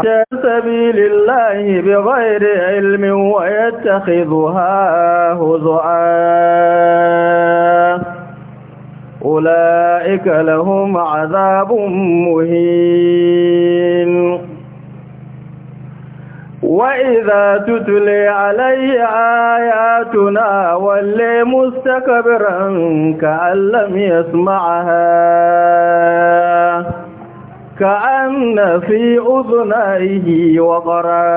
في سبيل الله بغير علم ويتخذها هزعا أولئك لهم عذاب مهين وإذا تتلي عليه آياتنا ولي مستكبرا كأن لم يسمعها كأن في أذنيه وقرا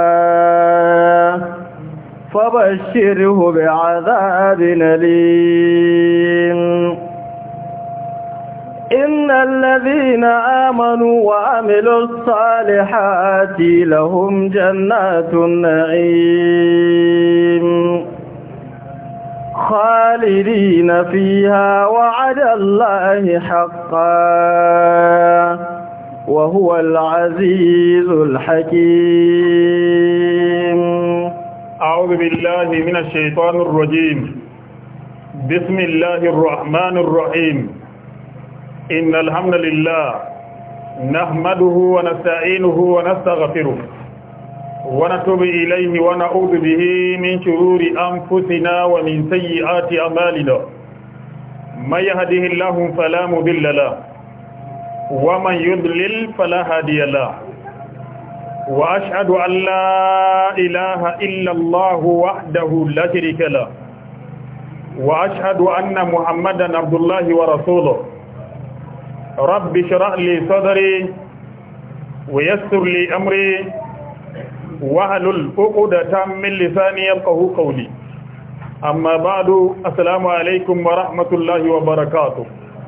فبشره بعذاب أليم إن الذين آمنوا وعملوا الصالحات لهم جنات النعيم خالدين فيها وعد الله حقا وهو العزيز الحكيم أعوذ بالله من الشيطان الرجيم بسم الله الرحمن الرحيم إن الحمد لله نحمده ونستعينه ونستغفره ونتوب إليه ونعوذ به من شرور أنفسنا ومن سيئات أمالنا من يهده الله فلا مضل له ومن يضلل فلا هادي له وأشهد أن لا إله إلا الله وحده لا شريك له وأشهد أن محمدا عبد الله ورسوله رب اشرح لي صدري ويسر لي أمري واحلل عقدة من لساني يفقهوا قولي أما بعد السلام عليكم ورحمة الله وبركاته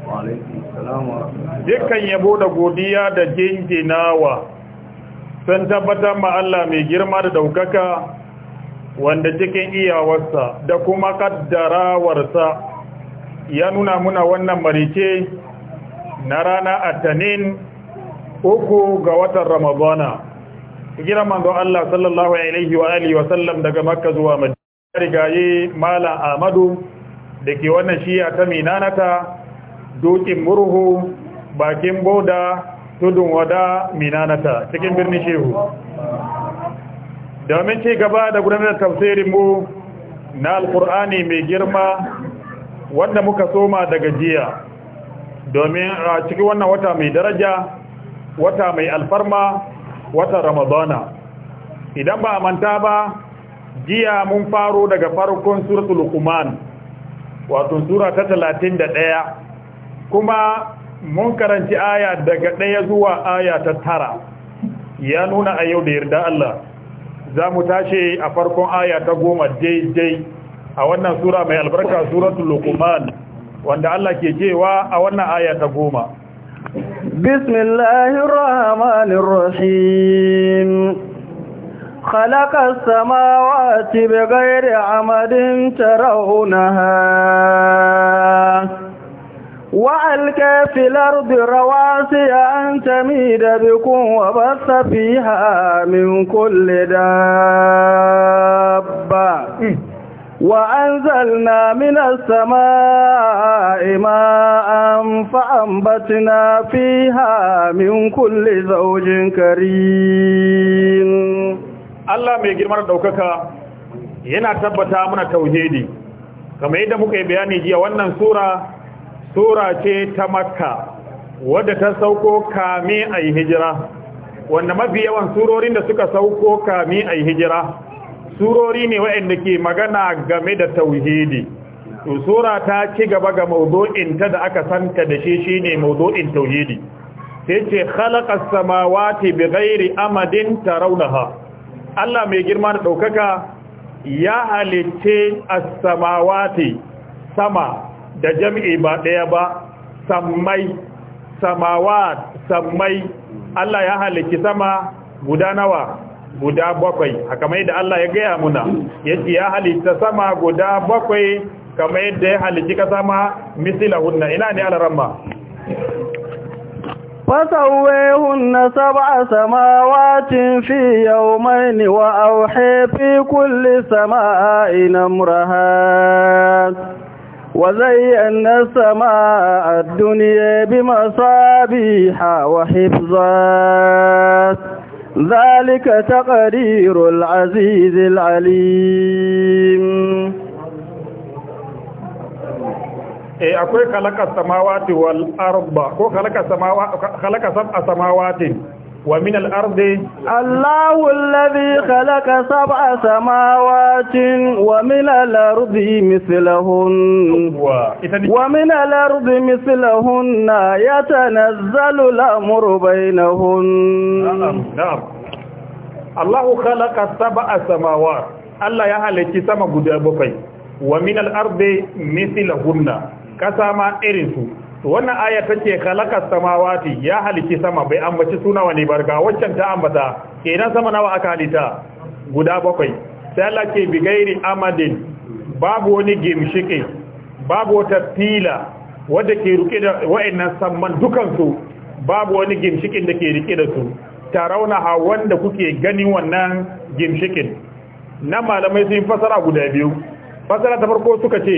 وعليكم dukkan yabo da godiya da jinjinawa san tabbatar ma Allah mai girma da daukaka wanda cikin iyawarsa da kuma kaddarawarsa ya nuna muna wannan marice na rana atanin uku ga watan ramadana gina manzo Allah sallallahu alaihi wa alihi wa sallam daga makka zuwa madina rigaye mala amadu da ke wannan shiya ta minanata Dukin murhu bakin boda tudun wada minanata cikin birnin shehu domin ci gaba da gudanar tafsirin mu na alkur'ani mai girma wanda muka soma daga jiya domin a cikin wannan wata mai daraja wata mai alfarma wata ramadana idan ba a manta ba jiya mun faro daga farkon suratul luqman wato sura ta 31 kuma mun karanci aya daga ɗaya zuwa aya ta tara ya nuna a yau da yarda Allah za mu tashi a farkon aya ta goma daidai a wannan sura mai albarka suratul luqman wanda Allah ke cewa a wannan aya ta goma bismillahir rahmanir rahim خلق السماوات بغير عمد ترونها وألقى في الأرض رواسي أن تميد بكم وبث فيها من كل دابة وأنزلنا من السماء ماء فأنبتنا فيها من كل زوج كريم الله mai girman daukaka yana tabbata muna tauhidi kamar yadda muka yi bayani jiya wannan sura sura ce ta makka wadda ta sauko kame a yi hijira wanda mafi yawan surorin da suka sauko kame a yi hijira surori ne waɗanda ke magana game da tauhidi to sura ta ci gaba ga ta da aka santa da shi shine maudu'in tauhidi sai ce khalaqas samawati bighairi amadin ta Raunaha. Allah mai girma da ɗaukaka. ya halicce a samawati sama da jami'i ba daya ba sammai samawa sammai Allah ya halicci sama guda nawa guda bakwai kamar yadda Allah ya gaya muna yace ya halitta sama guda bakwai kamar yadda ya halicci ka sama mislahunna ina ne alaramma فسويهن سبع سماوات في يومين وأوحي في كل سماء أمرها وزينا السماء الدنيا بمصابيح وحفظات ذلك تقرير العزيز العليم اي اكو خلق السماوات والارض كو خلق السماوات خلق سبع سماوات ومن الأرض الله الذي خلق سبع سماوات ومن الأرض مثلهن ومن الأرض مثلهن يتنزل الأمر بينهن نعم نعم الله خلق سبع سماوات الله يهلك سما غدا بكاي ومن الأرض مثلهن كسما إرسو wannan aya tace khalaqa samawati ya halici sama bai ambaci suna wani ga waccan ta ambata kenan sama nawa aka halita guda bakwai sai Allah ke bigairi amadin babu wani gimshike babu wata tila wadda ke rike da wa'annan samman dukan su babu wani gimshikin da ke rike da su tarauna ha wanda kuke gani wannan gimshikin na malamai sun fasara guda biyu fasara ta farko suka ce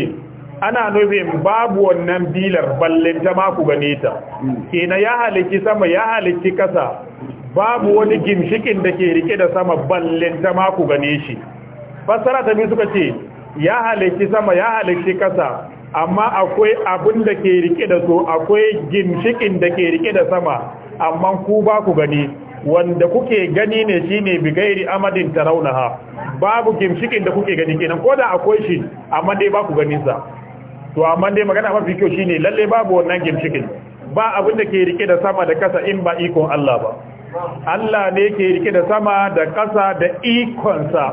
ana nufin babu wannan bilar ballin ta maku gane ta kenan ya halicci sama ya halicci kasa babu wani gimshikin da ke rike da sama ballin ta maku gane shi fassara ta bi suka ce ya halicci sama ya halicci kasa amma akwai abin da ke rike da so akwai gimshikin da ke rike da sama amma ku ba ku gani wanda kuke gani ne shine bigairi amadin raunaha babu gimshikin da kuke gani kenan koda akwai shi amma dai ba ku ganin sa to amma dai magana mafi kyau shine lalle babu wannan ginshikin ba abin da ke rike da sama da kasa in ba ikon Allah ba Allah ne ke rike da sama da kasa da ikonsa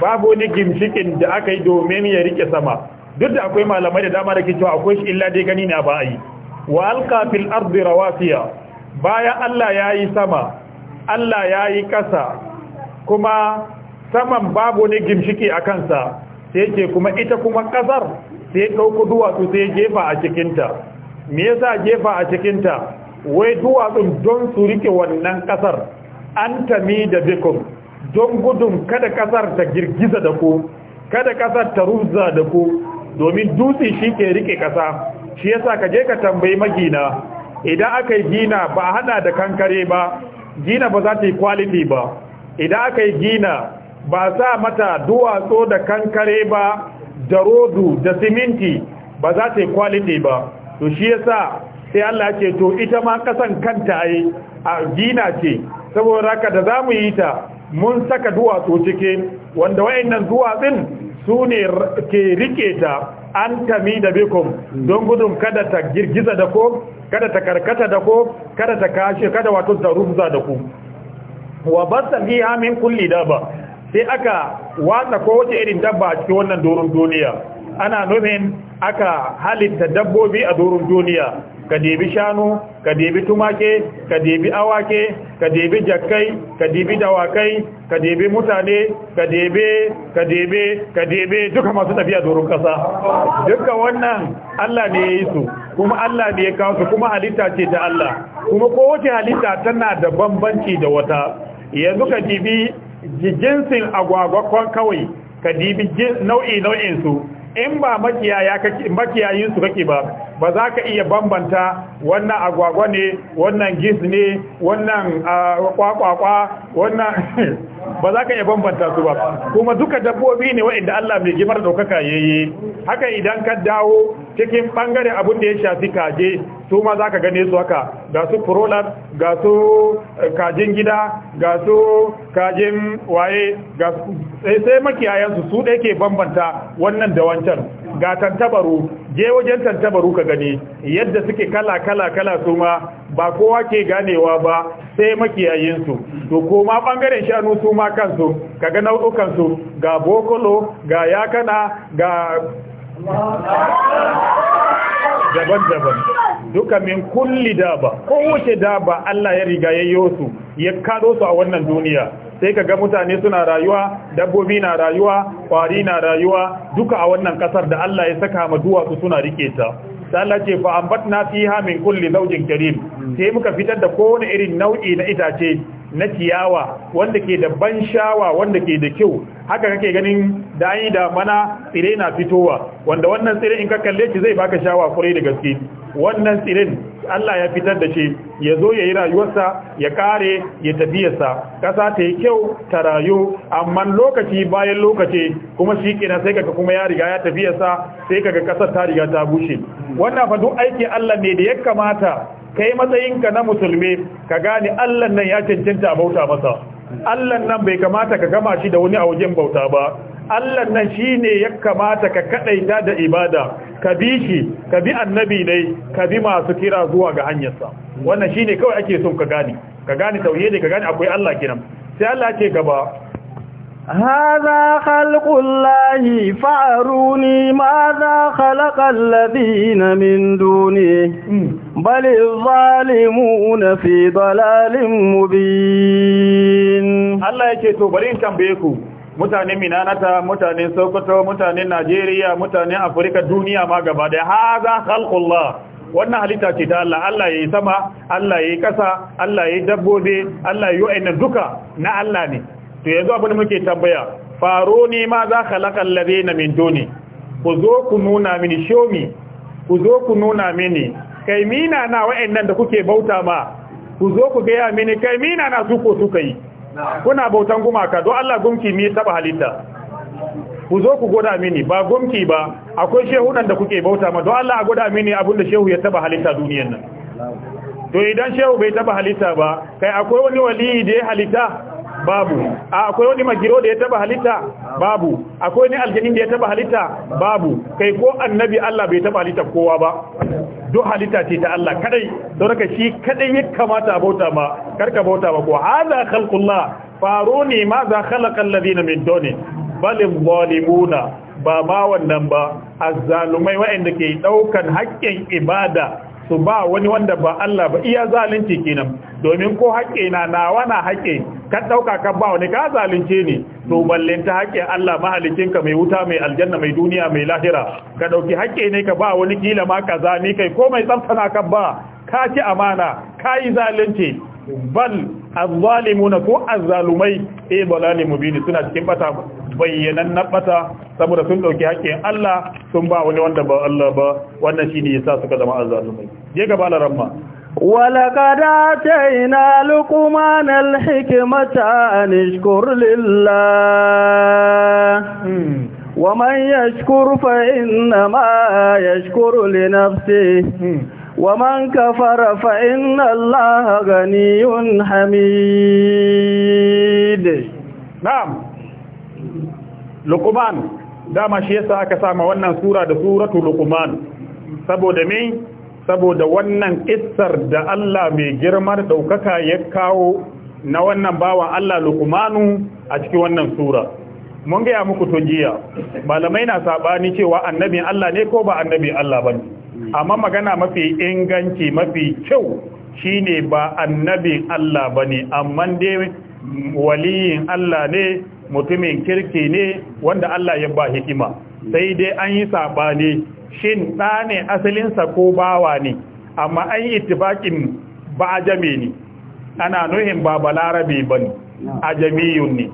babu wani ginshikin da aka domin ya rike sama duk da akwai malamai da dama da ke cewa akwai shi illa dai gani na ba ai yi wa alqa fil ardi rawasiya bayan Allah ya yi sama Allah ya yi kasa kuma saman babu wani gimshiki a kansa sai ce kuma ita kuma kasar sai ɗauko duwatsu sai jefa a cikinta me yasa jefa a cikinta wai duwatsun don su rike wannan ƙasar an tami da bikum don gudun kada ƙasar ta girgiza da ku kada ƙasar ta ruza da ku domin dutse shi ke rike ƙasa shi yasa ka je ka tambayi magina idan aka yi gina ba a hada da kankare ba gina ba za ta yi kwaliti ba idan aka yi gina ba sa mata duwatsu da kankare ba da rodu da siminti ba za ta yi kwaliti ba to shi yasa sai Allah ce to ita ma kasan kanta ai a gina ce saboda haka da za mu yi ta mun saka duwatsu cike. wanda wayannan duwatsun su ne ke rike ta an tami da bikum don gudun kada ta girgiza da ko kada ta karkata da ko kada ta kashe kada wato ta rubza da ku wa basta fiha min kulli daba sai aka watsa kowace irin dabba a cikin wannan doron duniya ana nufin aka halitta dabbobi a doron duniya ka debi shanu ka debi tumake ka debi awake ka debi jakkai ka debi dawakai ka debi mutane ka debi ka debi ka debi duka masu tafiya doron kasa duka wannan Allah ne ya yi su kuma Allah ne ya kawo su kuma halitta ce ta Allah kuma kowace halitta tana da bambanci da wata yanzu ka dibi jinsin agwagwakon kawai ka dibi nau'i nau'in su in ba makiyayinsu makiyayin su kake ba ba za ka iya bambanta wannan agwagwa ne wannan gis ne wannan ah, kwakwakwa wannan ba za ka iya bambanta su ba kuma duka dabbobi ne waɗanda Allah mai gimar ɗaukaka yayi haka idan ka dawo cikin bangare abin da ya shafi kaje su ma za ka gane su haka ga su furolar ga su eh, kajin gida ga su kajin waye ga sai makiyayansu su ɗaya ke bambanta wannan da wancan ga tantabaru je wajen tantabaru ka gani yadda suke kala kala kala su ma ba kowa ke ganewa ba sai makiyayinsu to koma bangaren shanu su ma kansu kaga nau'ukan su ga bokolo ga yakana ga daban-daban duka min kulli daba kowace daba Allah ya riga yi su ya kado su a wannan duniya sai ka ga mutane suna rayuwa dabbobi na rayuwa kwari na rayuwa duka a wannan kasar da Allah ya saka ma duwatsu suna rike ta Allah ce fa ambatna fiha min kulli zawjin karim mm. sai muka fitar da kowane irin nau'i na itace na ciyawa wanda ke da ban shawa wanda ke da kyau haka kake ganin da an yi da mana tsire na fitowa wanda wannan tsire in ka kalle shi zai baka shawa kwarai da gaske wannan tsiren Allah ya fitar da shi ya zo ya yi rayuwarsa ya kare ya tafiyarsa ƙasa ta yi kyau ta rayu amma lokaci bayan lokaci kuma shi kenan sai kaga kuma ya riga ya tafiyarsa sai kaka ƙasar ta riga ta bushe wannan fa duk aiki Allah ne da ya kamata kai matsayinka na musulmi ka gane Allah nan ya cancanta a bauta masa Allah nan bai kamata ka gama shi da wani a wajen bauta ba Allah nan shine ya kamata ka kadaita da ibada ka bi shi ka bi annabi ne ka bi masu kira zuwa ga hanyarsa wannan shi ne kawai ake son ka gane ka gane ne ka gane akwai Allah kiran sai Allah ce gaba هذا خلق الله فأروني ماذا خلق الذين من دونه بل الظالمون في ضلال مبين الله yake to bari in tambaye ku mutanen Minanata mutanen Sokoto mutanen Najeriya mutanen Afirka duniya ma gaba da haza khalqullah wannan halitta ce ta Allah Allah yayi sama Allah yayi kasa Allah yayi dabbobi Allah yayi duka na Allah ne to yanzu abin muke tambaya faro ne ma za halakar lare na min doni ku zo ku nuna mini shomi ku zo ku nuna mini kai mina na wa'annan da kuke bauta ma ku zo ku gaya mini kai mina na su suka yi kuna bautan gumaka don Allah gumki mi taba halitta ku zo ku gwada mini ba gumki ba akwai shehunan da kuke bauta ma don Allah a gwada mini abin da shehu ya taba halitta duniyar nan to idan shehu bai taba halitta ba kai akwai wani waliyi da ya halitta babu akwai wani magiro da ya taba halitta babu akwai wani aljanin da ya taba halitta babu kai ko annabi Allah bai taba halitta kowa ba duk halitta ce ta Allah kadai don haka shi kadai ya kamata bauta ma karka bauta ba ko hada khalqullah faruni ma za khalaqa alladhina min duni bal zalimuna ba ma wannan ba azzalumai wa'anda ke daukan haƙƙin ibada su ba wani wanda ba Allah ba iya zalunci kenan domin ko haƙe na nawa na haƙe. ka ɗauka ka ba wani ka zalunce ni. to ta haƙƙe Allah ka mai wuta mai aljanna mai duniya mai lahira ka ɗauki haƙƙe ne ka ba wani kila ma ka ne kai ko mai tsamtana ka ba ka ci amana ka yi zalunci bal azzalimuna ko azzalumai eh balani mubini suna cikin bata bayyanan na bata saboda sun dauki hakkin Allah sun ba wani wanda ba Allah ba wannan shine yasa suka zama azzalumai je gaba la ramma ولقد آتينا لقمان الحكمة أن اشكر لله ومن يشكر فإنما يشكر لنفسه ومن كفر فإن الله غني حميد نعم لقمان dama shi yasa aka sama wannan sura da suratu luqman saboda me saboda wannan kissar da Allah mai girmar ɗaukaka ya kawo na wannan bawan Allah luqmanu a cikin wannan sura mun gaya muku tun jiya. malamai na sabani cewa annabin Allah ne ko ba annabi Allah bane amma magana mafi inganci mafi kyau shine ba annabin Allah ba ne amma dai waliyin Allah ne mutumin kirki ne wanda Allah ya ba hikima sai dai an yi sabani shin ɗane ne asalinsa ko bawa ne amma an yi itifakin ba jami ne ana nuhin ba balarabi ba ne ajamiyun ne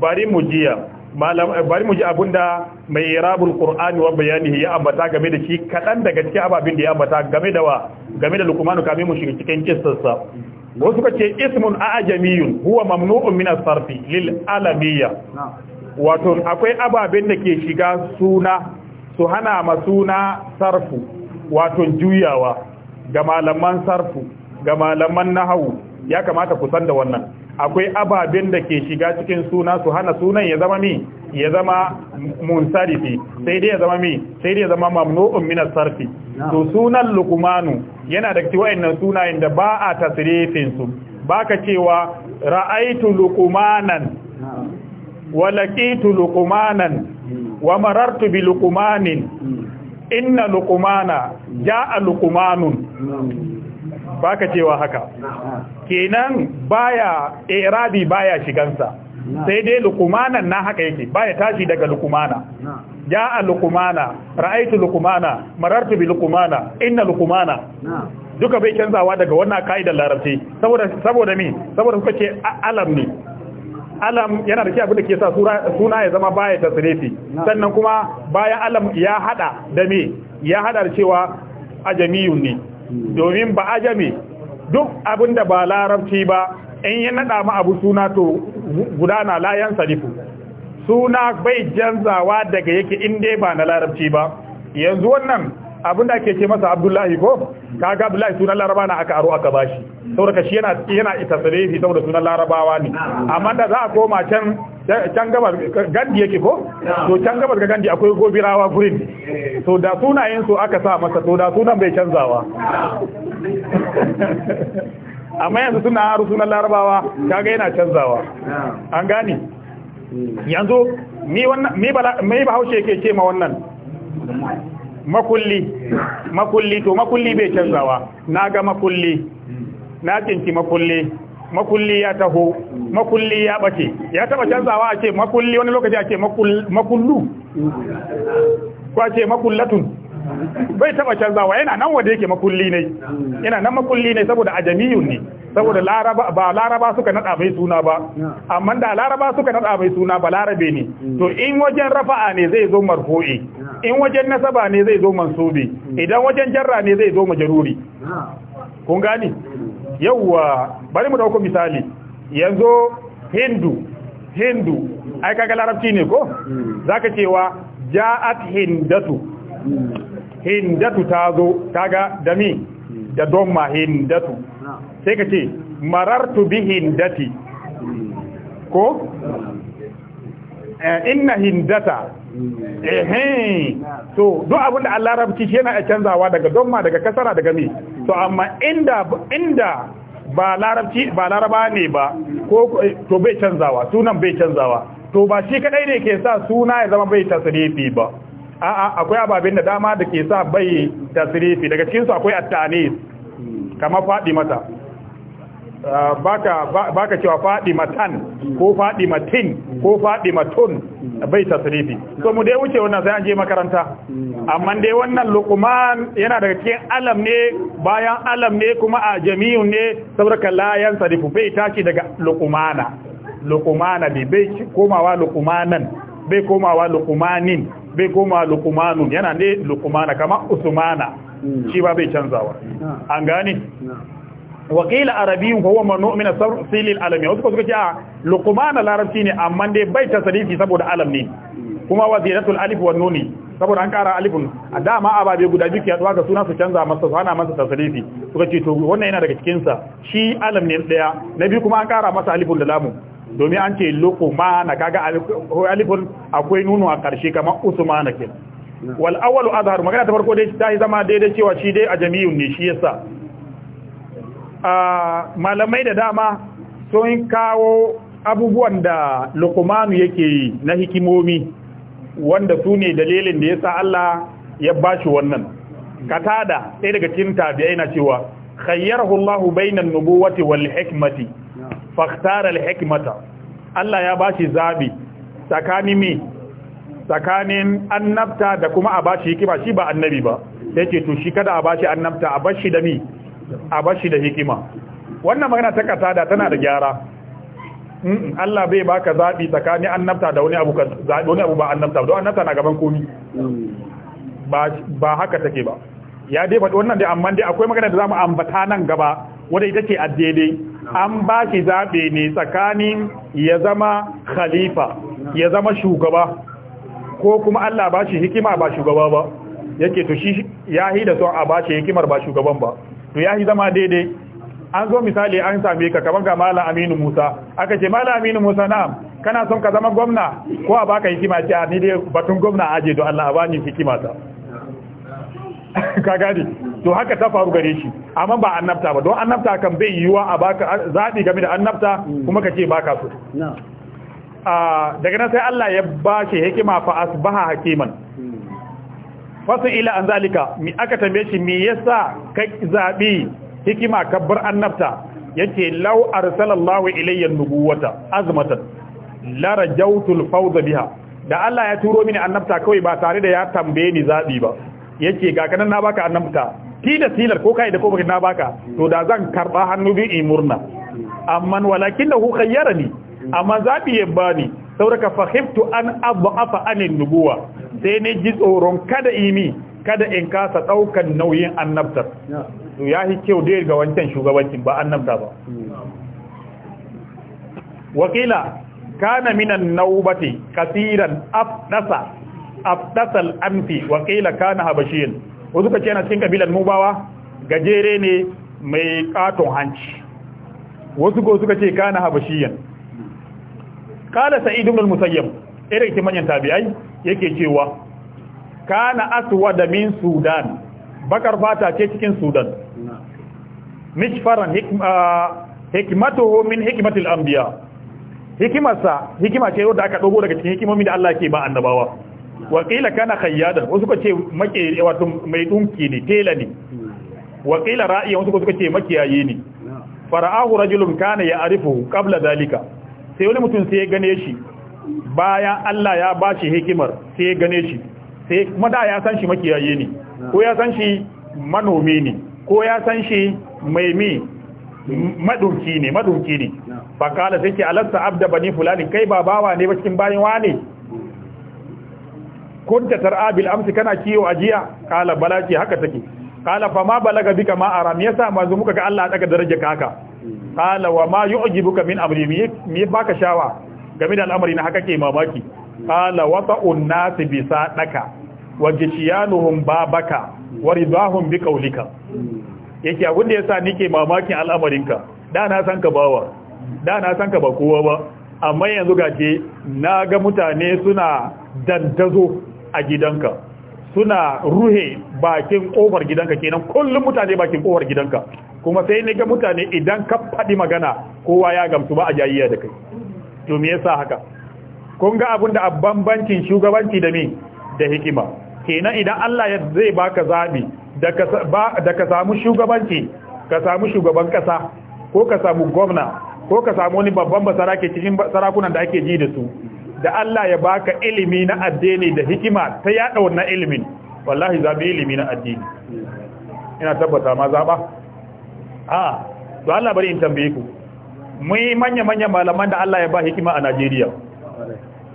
bari mu jiya Eh, bari mu ji da mai irabul qur'ani wa bayanihi ya ambata game da shi kadan daga cikin ababin da ya ambata game da wa game da lukumanu kame mu shiga cikin kissarsa wasu ce ismun ajamiyun huwa mamnu'un min as-sarfi lil alamiyya wato akwai ababen da ke shiga suna su hana ma suna sarfu wato juyawa ga malaman sarfu ga malaman nahawu ya kamata ku san da wannan akwai ababen da ke shiga cikin suna su hana sunan ya zama mi ya zama munsarifi sai dai ya zama mi sai dai ya zama mamnu'un min sarfi to sunan luqmanu yana da cikin wayannan sunayen da ba a tasrifin su baka cewa ra'aitu luqmanan wa laqitu luqmanan hmm. wa marartu bi luqmanin hmm. inna luqmana ja'a luqmanun Ba ka cewa haka kenan baya irabi eh, baya shigansa sai dai lukumanan na haka yake baya tashi daga lukumana a lukumana ra'aitu lukumana marartu bi lukumana inna lukumana duka bai canzawa daga wannan kaidar larabci saboda saboda me saboda suka ce alam ne alam yana da shi da ke sa suna ya zama baya tasrifi sannan kuma bayan alam ya hada da me ya hada da cewa ajamiyun ne domin ba ajami duk abin da ba larabci ba in ya nada ma abu suna to guda na layan sarifu suna bai janzawa daga yake in dai ba na larabci ba yanzu wannan abinda ake ce masa abdullahi ko kaga abdullahi sunan laraba na aka aro aka bashi saboda shi yana yana tasrifi saboda sunan larabawa ne amma da za a koma can can gabar gandi yake ko to can gabar ga gandi akwai gobirawa gurin to da sunayen su aka sa masa to da sunan bai canzawa amma yanzu suna aro sunan larabawa kaga yana canzawa an gane yanzu ni wannan me ba haushe yake ce ma wannan makulli makulli to makulli bai canzawa na ga makulli na cinci makulli makulli ya taho makulli ya bace ya taba canzawa a ce makulli wani lokaci a ce makullu ko a ce makullatun bai taba wa yana nan wanda yake makulli ne yana nan makulli ne saboda ajamiyun ne saboda laraba ba laraba suka nada mai suna ba amma da laraba suka nada mai suna ba larabe ne to in wajen rafa'a ne zai zo marfu'i in wajen nasaba ne zai zo mansubi idan wajen jarra ne zai zo majruri kun gani yawwa bari mu dauko misali yanzu hindu hindu ai kaga larabci ne ko zaka cewa ja'at hindatu hindatu ta zo kaga da mi da don ma hindatu sai ka ce marartu bi hindati ko eh, inna hindata ehe to duk abin da Allah rabci shi yana canzawa daga don ma daga kasara daga mi to amma inda inda ba larabci ba laraba ne ba ko to bai canzawa sunan bai canzawa to ba shi kadai ne ke sa suna ya zama bai tasrifi ba a'a akwai ababen da dama da ke sa bai tasirifi daga cikin akwai attanis kamar faɗi mata ah, baka baka cewa faɗi matan ko faɗi matin ko faɗi matun bai tasirifi so mu dai wuce wannan sai an je makaranta amma dai wannan yana daga cikin alam ne bayan alam ne kuma a jami'un ne saboda layan sarifu bai tashi daga luqmana luqmana bai komawa luqmanan bai komawa luqmanin bai koma lukumanu yana ne lukumana kama usumana hmm. shi ba bai canzawa hmm. an gane hmm. wakila arabiyun huwa mamnu min silil alami wasu suka ce a lukumana larabci ne amma dai bai sadisi saboda alam ne kuma waziratul alif wa nuni saboda an kara alifun a dama ababe guda biyu ke yaduwa ga suna su canza masa su hana masa tasarifi suka ce to wannan yana daga cikin sa shi alam ne daya na biyu kuma an kara masa alifun da lamu domin an ce na kaga alifun akwai nunu a karshe kamar usmana kin wal awwalu azhar magana ta farko dai ta zama daidai cewa shi dai a ajamiyun ne shi yasa malamai da dama sun kawo abubuwan da luqmanu yake na hikimomi wanda su ne dalilin da ya sa Allah ya bashi wannan katada sai daga cikin tabi'ai na cewa khayyarahu Allah bainan nubuwati wal hikmati fakhtaral hikmata Allah ya bashi zabi tsakanin me tsakanin annabta da kuma a bashi hikima shi ba annabi ba sai ce to shi kada a bashi annabta a bashi da mi a bashi da hikima wannan magana ta da tana da gyara Allah bai baka zabi tsakanin annabta da wani abu ka zabi wani abu ba annabta don annabta na gaban komi ba ba haka take ba ya dai faɗi wannan dai amma dai akwai magana da zamu ambata nan gaba wanda ita ce a an ba shi zaɓe ne tsakanin ya zama khalifa ya zama shugaba ko kuma Allah ba shi hikima ba shugaba ba yake to shi ya yi da son a ba shi hikimar ba shugaban ba to ya yi zama daidai an zo misali an same ka kamar ga Malam Aminu Musa aka ce Malam Aminu Musa na'am kana son ka zama gwamna ko a baka hikima ce a ni dai batun gwamna aje do Allah a bani hikima ta ka gadi to haka ta faru gare shi amma ba annabta ba don annabta kan bai yiwuwa a baka zaɓi game da annabta kuma kace ce baka so daga nan sai Allah ya ba shi hikima fa asbaha hakiman fasu ila an zalika mi aka tambaye shi me yasa ka zabi hikima ka bar annabta yace law arsalallahu ilayya nubuwata azmatan la rajawtul fawd biha da Allah ya turo mini annabta kawai ba tare da ya tambaye ni zabi ba yake ga kanan na baka annabta tilas tilar ko kai da ko na baka to da zan karba hannu bi in murna amma walakin da hu khayyarani amma zabi ya bani sauraka fahimtu an ab'afa an nubuwa sai ne ji tsoron kada imi kada in kasa daukan nauyin annabta to yahi kyau dai ga wancan shugabancin ba annabta ba wakila kana minan naubati kasiran afdasa afdasal anfi wakila kana habashiyin wasu ka ce yana cikin kabilan mubawa gajere ne mai katon hanci wasu ko suka ce kana habashiyan kala sa'id ibn al-musayyib irin ke manyan tabi'ai yake cewa kana aswada min sudan bakar fata ce cikin sudan mishfaran ah, hikmatuhu min hikmatil anbiya hikimarsa hikima ce wadda aka dogo daga cikin hikimomi da Allah ke ba annabawa wakila kana khayyadan wasu ka ce make wato mai dunki ne tela ne wakila ra'i wasu ka ce makiyayi ne fara'ahu rajulun kana ya'rifu qabla dalika sai wani mutum sai ya gane shi bayan Allah ya bashi hikimar sai ya gane shi sai kuma da ya san shi makiyayi ne ko ya san shi manomi ne ko ya san shi mai mi madunki ne madunki ne fakala sai ke alasta abda bani fulani kai ba bawa ne ba cikin bayin wane kunta tar'a bil amsi kana kiyo ajiya kala bala haka take kala fa ma balaga bika ma aram yasa manzo muka ga Allah daga daraja ka haka kala wa ma yu'jibuka min amri mi baka shawa game da al'amari na haka ke mamaki kala wa ta'un nas bi sadaka wa gishiyanuhum babaka wa ridahum bi qawlika yake abin da yasa nike mamakin al'amarin ka? da na san ka bawa da na san ka ba kowa ba amma yanzu gaje na ga mutane suna dantazo a gidanka suna ruhe bakin kofar gidanka kenan kullum mutane bakin kofar gidanka kuma sai ne ga mutane idan ka faɗi magana kowa ya gamsu ba a jayayya da kai to me yasa haka kun ga abin da bambancin shugabanci da me da hikima kenan idan Allah ya zai baka zabi da ka samu shugabanci ka samu shugaban kasa ko ka samu gwamna ko ka samu wani babban ke cikin sarakunan da ake ji da su da Allah ya baka ilimi na addini da hikima ta yada wannan ilimin wallahi zabi ilimi na addini ina tabbata ma zaba a to Allah bari in tambaye ku mun manya manya malaman da Allah ya ba hikima a Najeriya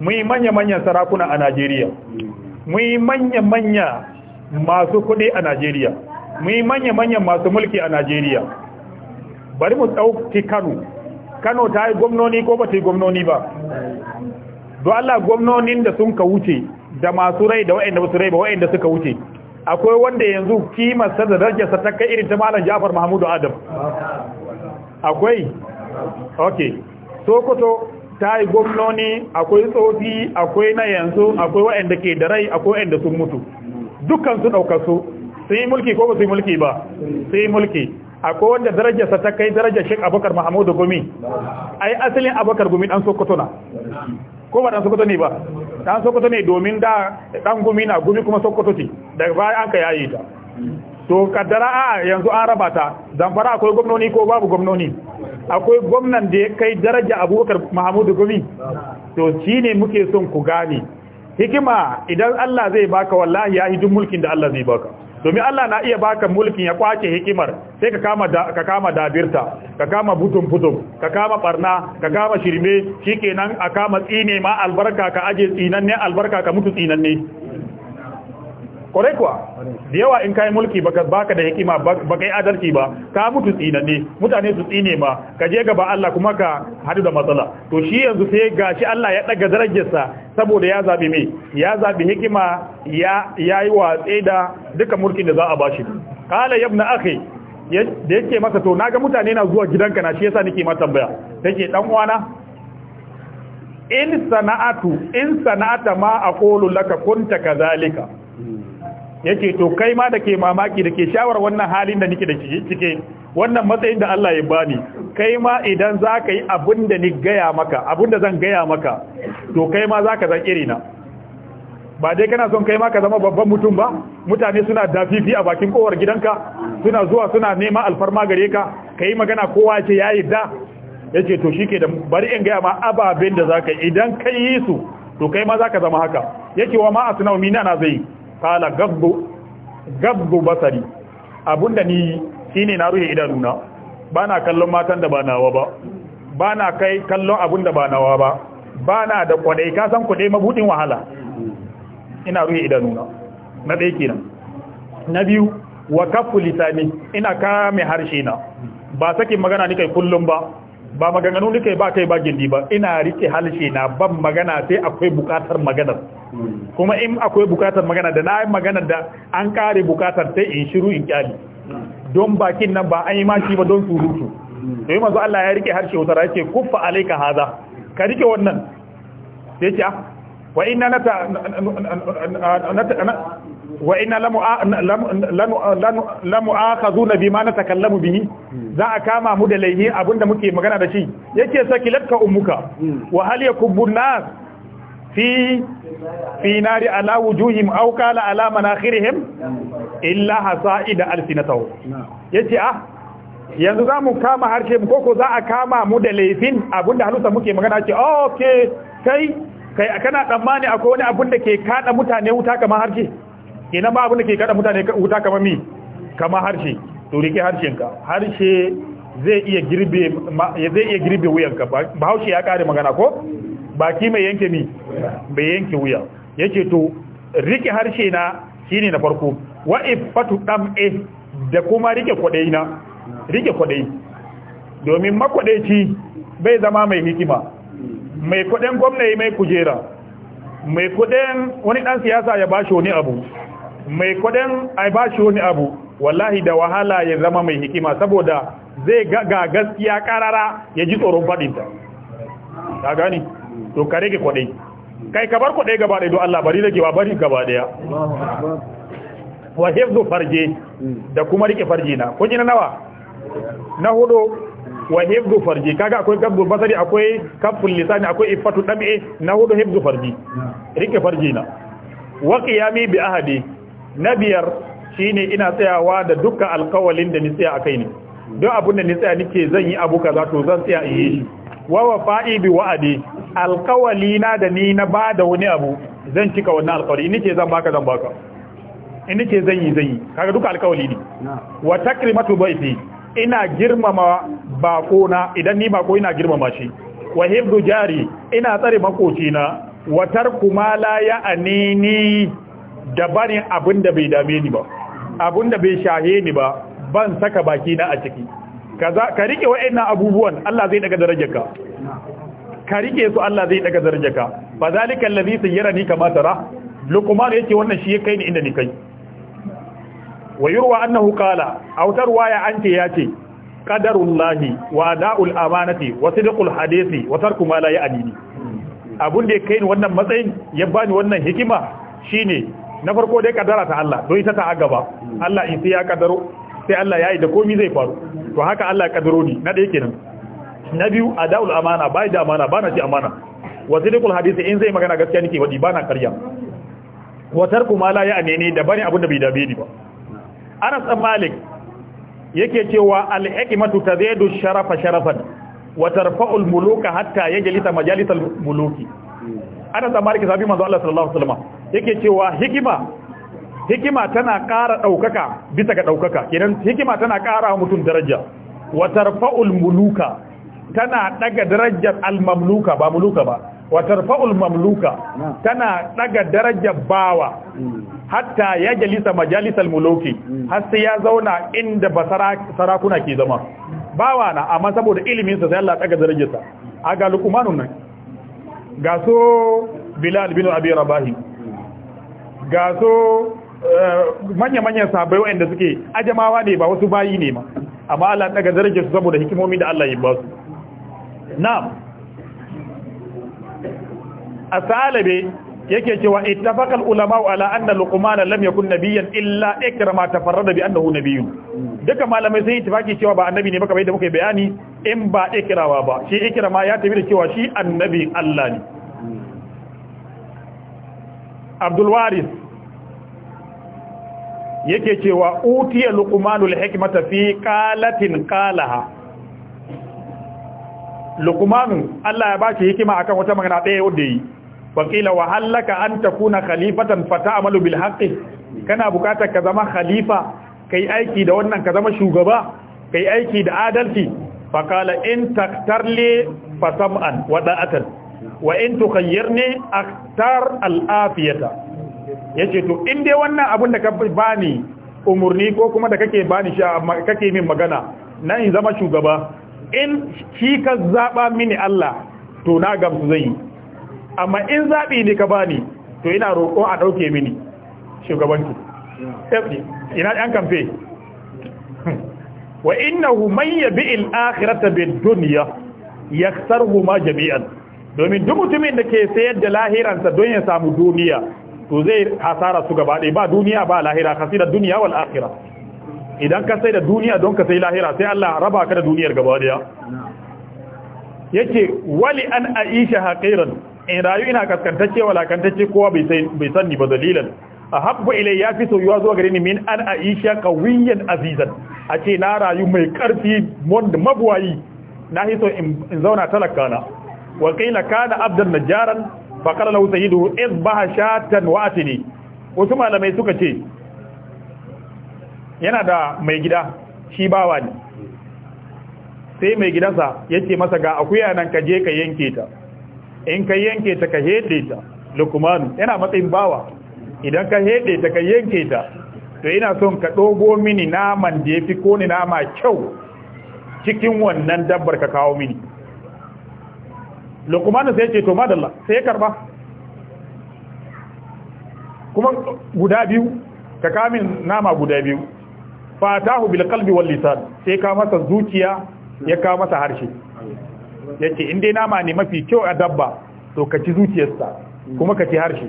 mun manya manya sarakuna a Najeriya mun manya manya masu kuɗi a Najeriya mun manya manya masu mulki a Najeriya bari mu dauki Kano Kano ta yi gwamnoni ko ba ta yi gwamnoni ba do Allah gwamnonin da sun ka wuce da masu rai da waɗanda basu rai ba wa'anda suka wuce akwai wanda yanzu kima sa da darajarsa ta kai irin ta malam Ja'far Mahmudu Adam akwai okay Sokoto ta yi gwamnoni akwai tsofi akwai na yanzu akwai waɗanda ke da rai akwai waɗanda sun mutu dukkan su ɗaukar su sun yi mulki ko ba su yi mulki ba sun yi mulki akwai wanda darajarsa ta kai darajar Sheikh Abubakar Mahmudu Gumi ai asalin Abubakar Gumi dan Sokoto na ko ba dan sokoto ne ba dan sokoto ne domin da dan gumi na gumi kuma sokoto ce da baya an ka yaye ta to kaddara a yanzu an raba ta zamfara akwai gwamnoni ko babu gwamnoni akwai gwamnan da ya kai daraja abubakar mahamudu gumi to shine muke son ku gane hikima idan allah zai baka wallahi ya duk mulkin da allah zai baka domin Allah na iya baka mulkin ya kwace hikimar sai ka kama ka kama dabirta ka kama butun butun ka kama barna ka kama shirme shikenan a kama tsine ma albarka ka aje tsinanne albarka ka mutu tsinanne kwarai kuwa da yawa in kai mulki baka baka da hikima baka yi adalci ba ka mutu tsinanne mutane su tsine ma ka je gaba Allah kuma ka hadu da matsala to shi yanzu sai gashi Allah ya daga darajarsa saboda ya zabi me ya zabi hikima ya yayi watsi da duka mulkin da za a bashi qala ya ibn akhi da yake masa to na ga mutane na zuwa gidanka na shi yasa nake ma tambaya take dan uwana in sana'atu in sana'ata ma aqulu laka kunta kadhalika yace to kai ma da ke mamaki da ke shawar wannan halin da nake da cike wannan matsayin da Allah ya bani kai ma idan ka yi abin da ni gaya maka abin da zan gaya maka to kai ma zaka zan iri na ba dai kana son kai ma ka zama babban mutum ba mutane suna dafifi a bakin kowar gidanka suna zuwa suna nema alfarma gare ka kai magana kowa ce yayi da yace to shike da bari in gaya ma ababen da zaka idan kai yi su to kai ma zaka zama haka yake wa ma asnau mina na zai kala gabbu gabbu basari abunda ni shine na ruhe idanuna bana kallon matan da ba nawa ba bana kai kallon abunda ba nawa ba bana da kwadai ka san kwadai mabudin wahala ina ruhe idanuna na dai kenan na biyu wa kafu lisani ina kame harshe na ba sakin magana ni kai kullum ba ba maganganu kai ba kai ba gindi ba ina rike halshe na ban magana sai akwai bukatar maganar kuma in akwai bukatar magana da na magana da an kare bukatar sai in shiru in kyali don bakin nan ba an yi mashi ba don surutu to yi mazu Allah ya rike harshe wutar ya ce kuffa alaika haza ka rike wannan sai ce ah, wa ina nata wa ina lamu akhazu na bima takallamu bihi za a kama mu da laihi abinda muke magana da shi yake sakilatka umuka wa hal yakubbu nas fi fi nari ala wujuhim aw kala ala manakhirihim illa hasaida alsinatahu yace ah yanzu zamu kama harshe mu koko za a kama mu da laifin abinda halusa muke magana ce okay kai kai kana tsammani akwai wani abin da ke kada mutane wuta kamar harshe ina ba abin da ke kada mutane wuta kamar mi kamar harshe to rike harshenka harshe zai iya girbe wuyan ka ya kare magana ko baki mai yanke mi bai yanke wuya Ya ce to rike harshe na shine na farko wa ifatu dam'e da kuma rike kwadai na rike kwadai domin makwadaici bai zama mai hikima mai kudin gwamnati mai kujera mai kudin wani dan siyasa ya bashi wani abu mai kudin ai bashi wani abu wallahi da wahala ya zama mai hikima saboda zai ga gaskiya karara ya ji tsoron faɗinta ta gani to kare ke kwaɗai kai ka bar kwaɗai gaba ɗaya don Allah bari da kewa bari gaba ɗaya wa hifzu farje da kuma rike farje na Ko ji na nawa na hudu wa hifzu farje kaga akwai kabbu basari akwai kaful lisani akwai ifatu dabi na hudu hifzu farje rike farje na wa qiyami bi ahadi na biyar shine ina tsayawa da dukkan alkawalin da ni tsaya akai ne don abin da ni tsaya nike zan yi abu kaza to zan tsaya in yi shi wa fa’i bi wa'adi alkawali na da ni na ba da wani abu zan cika wannan alkawali ce zan baka zan baka in ce zan yi zan yi kaga duka alkawali ne wa takrimatu baiti ina girmama bako na idan ni bako ina girmama shi wa hibdu jari ina tsare makoci na wa tarku ma la ya ni da barin abin da bai dame ni ba abin da bai shahe ni ba ban saka baki na a ciki ka rike wa'annan abubuwan Allah zai daga darajarka ka rike su Allah zai daga darajarka fa zalika allazi sayyarani kama tara luqman yake wannan shi kai ni inda ni kai wa yurwa annahu qala aw tarwaya anti yace qadarullahi wa ada'ul amanati wa sidqul hadisi wa tarku ma la ya'nini abun da kai ni wannan matsayin ya bani wannan hikima shine na farko dai kadara ta Allah don ita ta a gaba Allah in sai ya kadaro sai Allah ya yi da komi zai faru to haka Allah kadaro ni na ɗaya kenan na biyu adaul amana bai da amana bana ci amana wa sidqul hadisi in zai magana gaskiya nake wadi bana karya wa tarku ma la ya ne da bani abun da bai dabe ni ba Anas bin Malik yake cewa al-hikmatu tazidu sharafa sharafan wa tarfa'u al-muluka hatta yajlisa majalisal muluki Anas bin Malik sabi manzo Allah sallallahu alaihi wasallam yake cewa hikima hikima tana ƙara ɗaukaka bisa ga ɗaukaka kenan hikima tana ƙara mutum daraja wa tarfa'ul muluka tana ɗaga darajar al-mamluka ba muluka ba wa tarfa'ul mamluka tana ɗaga darajar bawa hatta ya jalisa majalisal muluki har sai ya zauna inda sarakuna ke zama bawa na amma saboda ilimin sa sai Allah daga darajarsa ga luqmanun nan ga so bilal bin abi rabahi ga so manya-manyan sabai wa'anda suke ajamawa ne ba wasu bayi ne ma amma Allah daga zarge su saboda hikimomi da Allah yi ba su na'am asalabe yake cewa ittafaqal ulama ala anna luqman lam yakun nabiyyan illa ikrama tafarrada bi annahu nabiyyun duka malamai sai ittifaki cewa ba annabi ne baka bai da muka bayani in ba ikrawa ba shi ikrama ya tafi da cewa shi annabi Allah ne Abdulwaris. yake cewa utiya luqmanul hikmata fi qalatin qalaha luqmanu Allah ya bashi hikima akan wata magana daya wanda yi faqila wa hallaka an takuna khalifatan fata'malu bil haqqi kana bukatar ka zama khalifa kai aiki da wannan ka zama shugaba kai aiki da adalci faqala in taktarli fasam'an wa da'atan wa in tukhayyirni aktar al afiyata ce to in dai wannan abin da ka bani umurni ko kuma da kake bani sha kake min magana na in zama shugaba in shi ka zaba mini Allah to na gamsu zai amma in zabi ne ka bani to ina roƙo a dauke mini shugabanki ina an kamfe wa innahu man yabi al-akhirata bid-dunya yakhsaruhu ma jami'an domin duk mutumin da ke sayar da lahiransa don ya samu duniya to zai hasara su gaba ɗaya ba duniya ba lahira da duniya wal akhira idan ka sai da duniya don ka sai lahira sai Allah raba ka da duniyar gaba ɗaya yake wali an aisha haqiran in rayu ina kaskantacce kantacce kowa bai sai bai sanni ba dalilan ahabbu ilayya fi soyuwa zuwa gare ni min an aisha qawiyan azizan a ce na rayu mai karfi wanda mabwayi na hiso in zauna talakana wa qila kana abdan najaran fa qala lahu sayyiduhu baha shatan wa ne. wasu malamai suka ce yana da mai gida shi bawa ne sai mai gidansa yace masa ga akuya nan ka je ka yanke ta in ka yanke ta ka hede ta lukman yana matsayin bawa idan ka hede ta ka yanke ta to ina son ka dogo mini naman da yafi ko ni nama kyau cikin wannan dabbar ka kawo mini lokumana sai ce to madalla sai ya karba kuma guda biyu ka kamin nama guda biyu fatahu bil qalbi wal lisan sai ka masa zuciya ya ka masa harshe yace in dai nama ne mafi kyau a dabba to ka ci zuciyarsa kuma ka ci harshe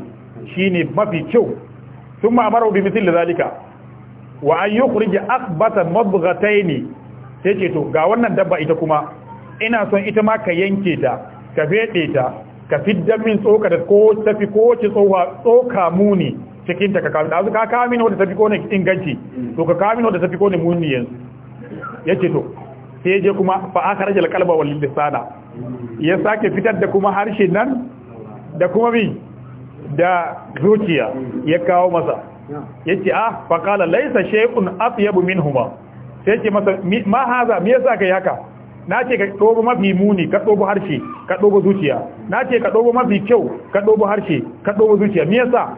shine mafi kyau thumma amara bi mithli zalika wa an yukhrij akhbata mabghatayn sai ce to ga wannan dabba ita kuma ina son ita ma ka yanke ta ka fede ta ka fidda min tsoka da ko tafi ko ce tsoka tsoka muni cikin ta ka kamin da ka kamin min ta tafi ko ne inganci to ka kamin min ta tafi ko ne muni yanzu yace to sai je kuma fa akharaja al-qalba wal lisana ya sake fitar da kuma harshe nan da kuma bi da zuciya ya kawo masa yace ah fa qala laysa shay'un atyabu minhuma sai ce masa ma haza me yasa kai haka na ce ka ɗobo mafi muni ka ɗobo harshe ka ɗobo zuciya na ce ka ɗobo mafi kyau ka ɗobo harshe ka ɗobo zuciya me yasa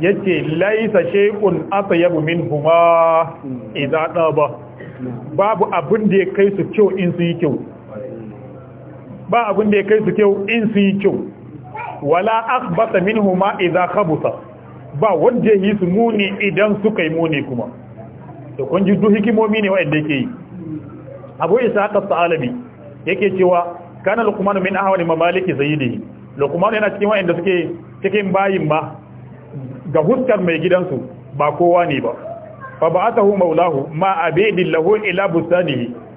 yace laisa shay'un min huma idza daba babu abin da ya kai su kyau in su yi kyau ba abin da ya kai su kyau in su yi kyau wala akhbata huma idza khabusa ba wanda yi su muni idan suka yi muni kuma to kun ji duk hikimomi ne wa'anda yake yi abu isa aka sa'alabi yake cewa kana luqman min ahwani mamaliki zaidi luqman yana cikin wanda suke cikin bayin ma ga huskar mai gidansu ba kowa ne ba fa ba'athahu maulahu ma abidi lahu ila ya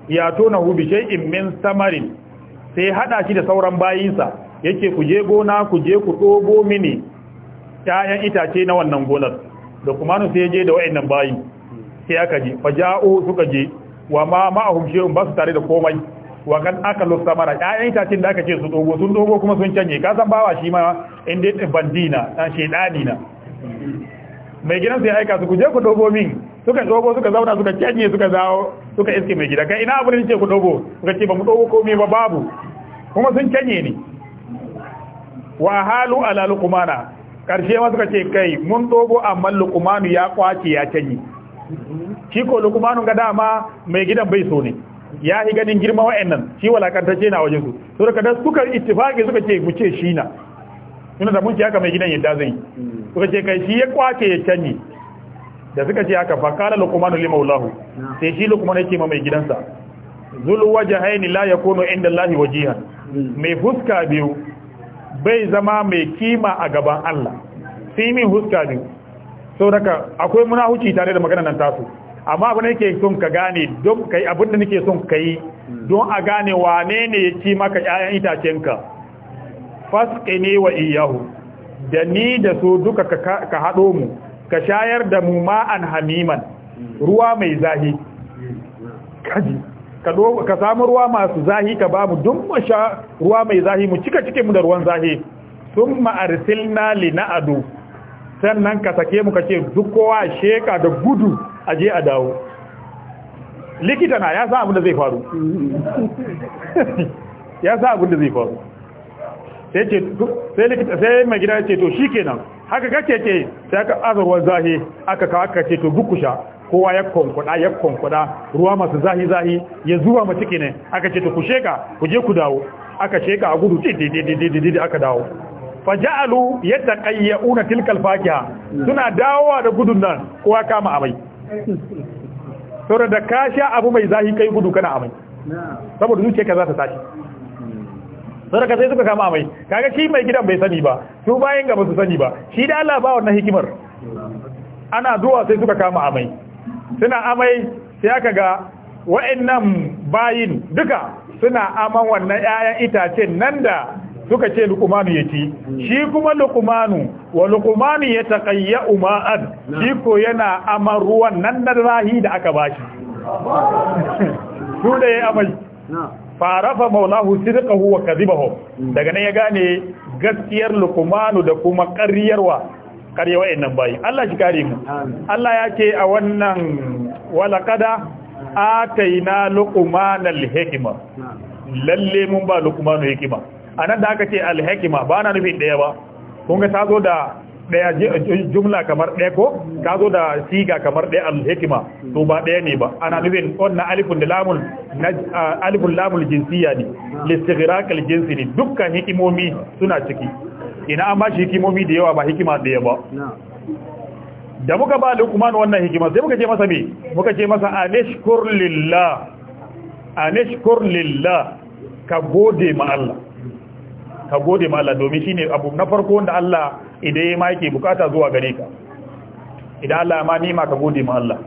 yatunahu bi shay'in min samarin sai hada shi da sauran bayinsa yake ku je gona ku je ku dobo mini ƴaƴan itace na wannan gonar luqman sai je da wayannan bayin sai aka je fa ja'u suka je wa ma ma'ahum shi'un ba su tare da komai wa kan aka lusamara ƴaƴan itacin da aka ce su dogo sun dogo kuma sun canye ka san bawa shi ma inda dai bandina dan shedani na mai gidan sai aika su je ku dogo min suka dogo suka zauna suka canye suka zawo suka iske mai gida kai ina abin ce ku dogo suka ce ba mu dogo komai ba babu kuma sun canye ne wa halu ala luqmana karshe ma suka ce kai mun dogo amma luqmanu ya kwace ya canye shi ko lukumanu ga dama mai gidan bai so ne ya yi ganin girma wa'annan shi walakantacce na wajen su to daga da suka ittifaki suka ce mu ce shi na ina da mun ce haka mai gidan yadda zai suka ce kai shi ya kwace ya canyi da suka ce haka fakala lukumanu Maulahu. sai shi lukumanu yake ma mai gidansa zul wajhaini la yakunu inda allahi wajihan mai fuska biyu bai zama mai kima a gaban Allah sai min fuska biyu so daga akwai huci tare da magana nan tasu amma abin da ke son ka gane don kai abin da nake son kai don a gane wane ne ya ci maka 'ya'yan itacenka fasqini wa iyahu da ni da su duka ka haɗo mu ka shayar da mu ma'an hamiman ruwa mai zahi ka samu ruwa masu zahi ka ba mu mu sha ruwa mai zahi mu cika cike mu da ruwan zahi sun ma'arsilna li ado. sannan ka sake mu kace duk kowa sheka da gudu aje a dawo likita na ya sa abin da zai faru ya sa abin da zai faru sai ce sai likita sai mai gida ce to shikenan haka kake ce sai aka azurwan zahi aka kawo aka ce to bukusha kowa ya konkuda ya konkuda ruwa masu zahi zahi ya zuwa ma ciki ne aka ce to ku sheka ku je ku dawo aka sheka a gudu titi aka dawo faja'alu yataqayyuna tilkal fakiha suna dawowa da gudun nan kowa kama amai saboda da ka sha abu mai zahi kai gudu kana amai saboda duk ka za ta tashi saboda ka sai suka kama amai kaga shi mai gidan bai sani ba su bayan ga su sani ba shi da Allah ba wannan hikimar ana zuwa sai suka kama amai suna amai sai aka ga wa'annan bayin duka suna aman wannan 'ya'yan itacen nan da suka ce lukumanu ya ci shi kuma lukumanu wa lukumanu ya taƙayya umar shi ko yana aman ruwan nan da rahi da aka ba shi su da ya amai farafa maulahu sirqahu wa kadhibahu daga nan ya gane gaskiyar lukumanu da kuma ƙaryarwa ƙaryawa innan bayi Allah shi kare mu Allah ya ce a wannan walakada ataina lukumanar hikima lalle mun ba lukumanar hikima anan da aka ce alhikima ba na nufin daya ba kun ga ta zo da daya jumla kamar daya ko ta da siga kamar ɗaya alhikima to ba daya ne ba ana nufin wannan alifun da lamun na alifun lamul jinsiya ne al jinsi ne dukkan hikimomi suna ciki ina an shi hikimomi da yawa ba hikima daya ba da muka ba Luqman wannan hikima sai muka ce masa me muka ce masa anishkur lillah anishkur lillah ka gode ma Allah ka gode ma Allah domin shine abu na farko da Allah idan ya ma bukata zuwa gare ka idan Allah ma nima ka gode ma Allah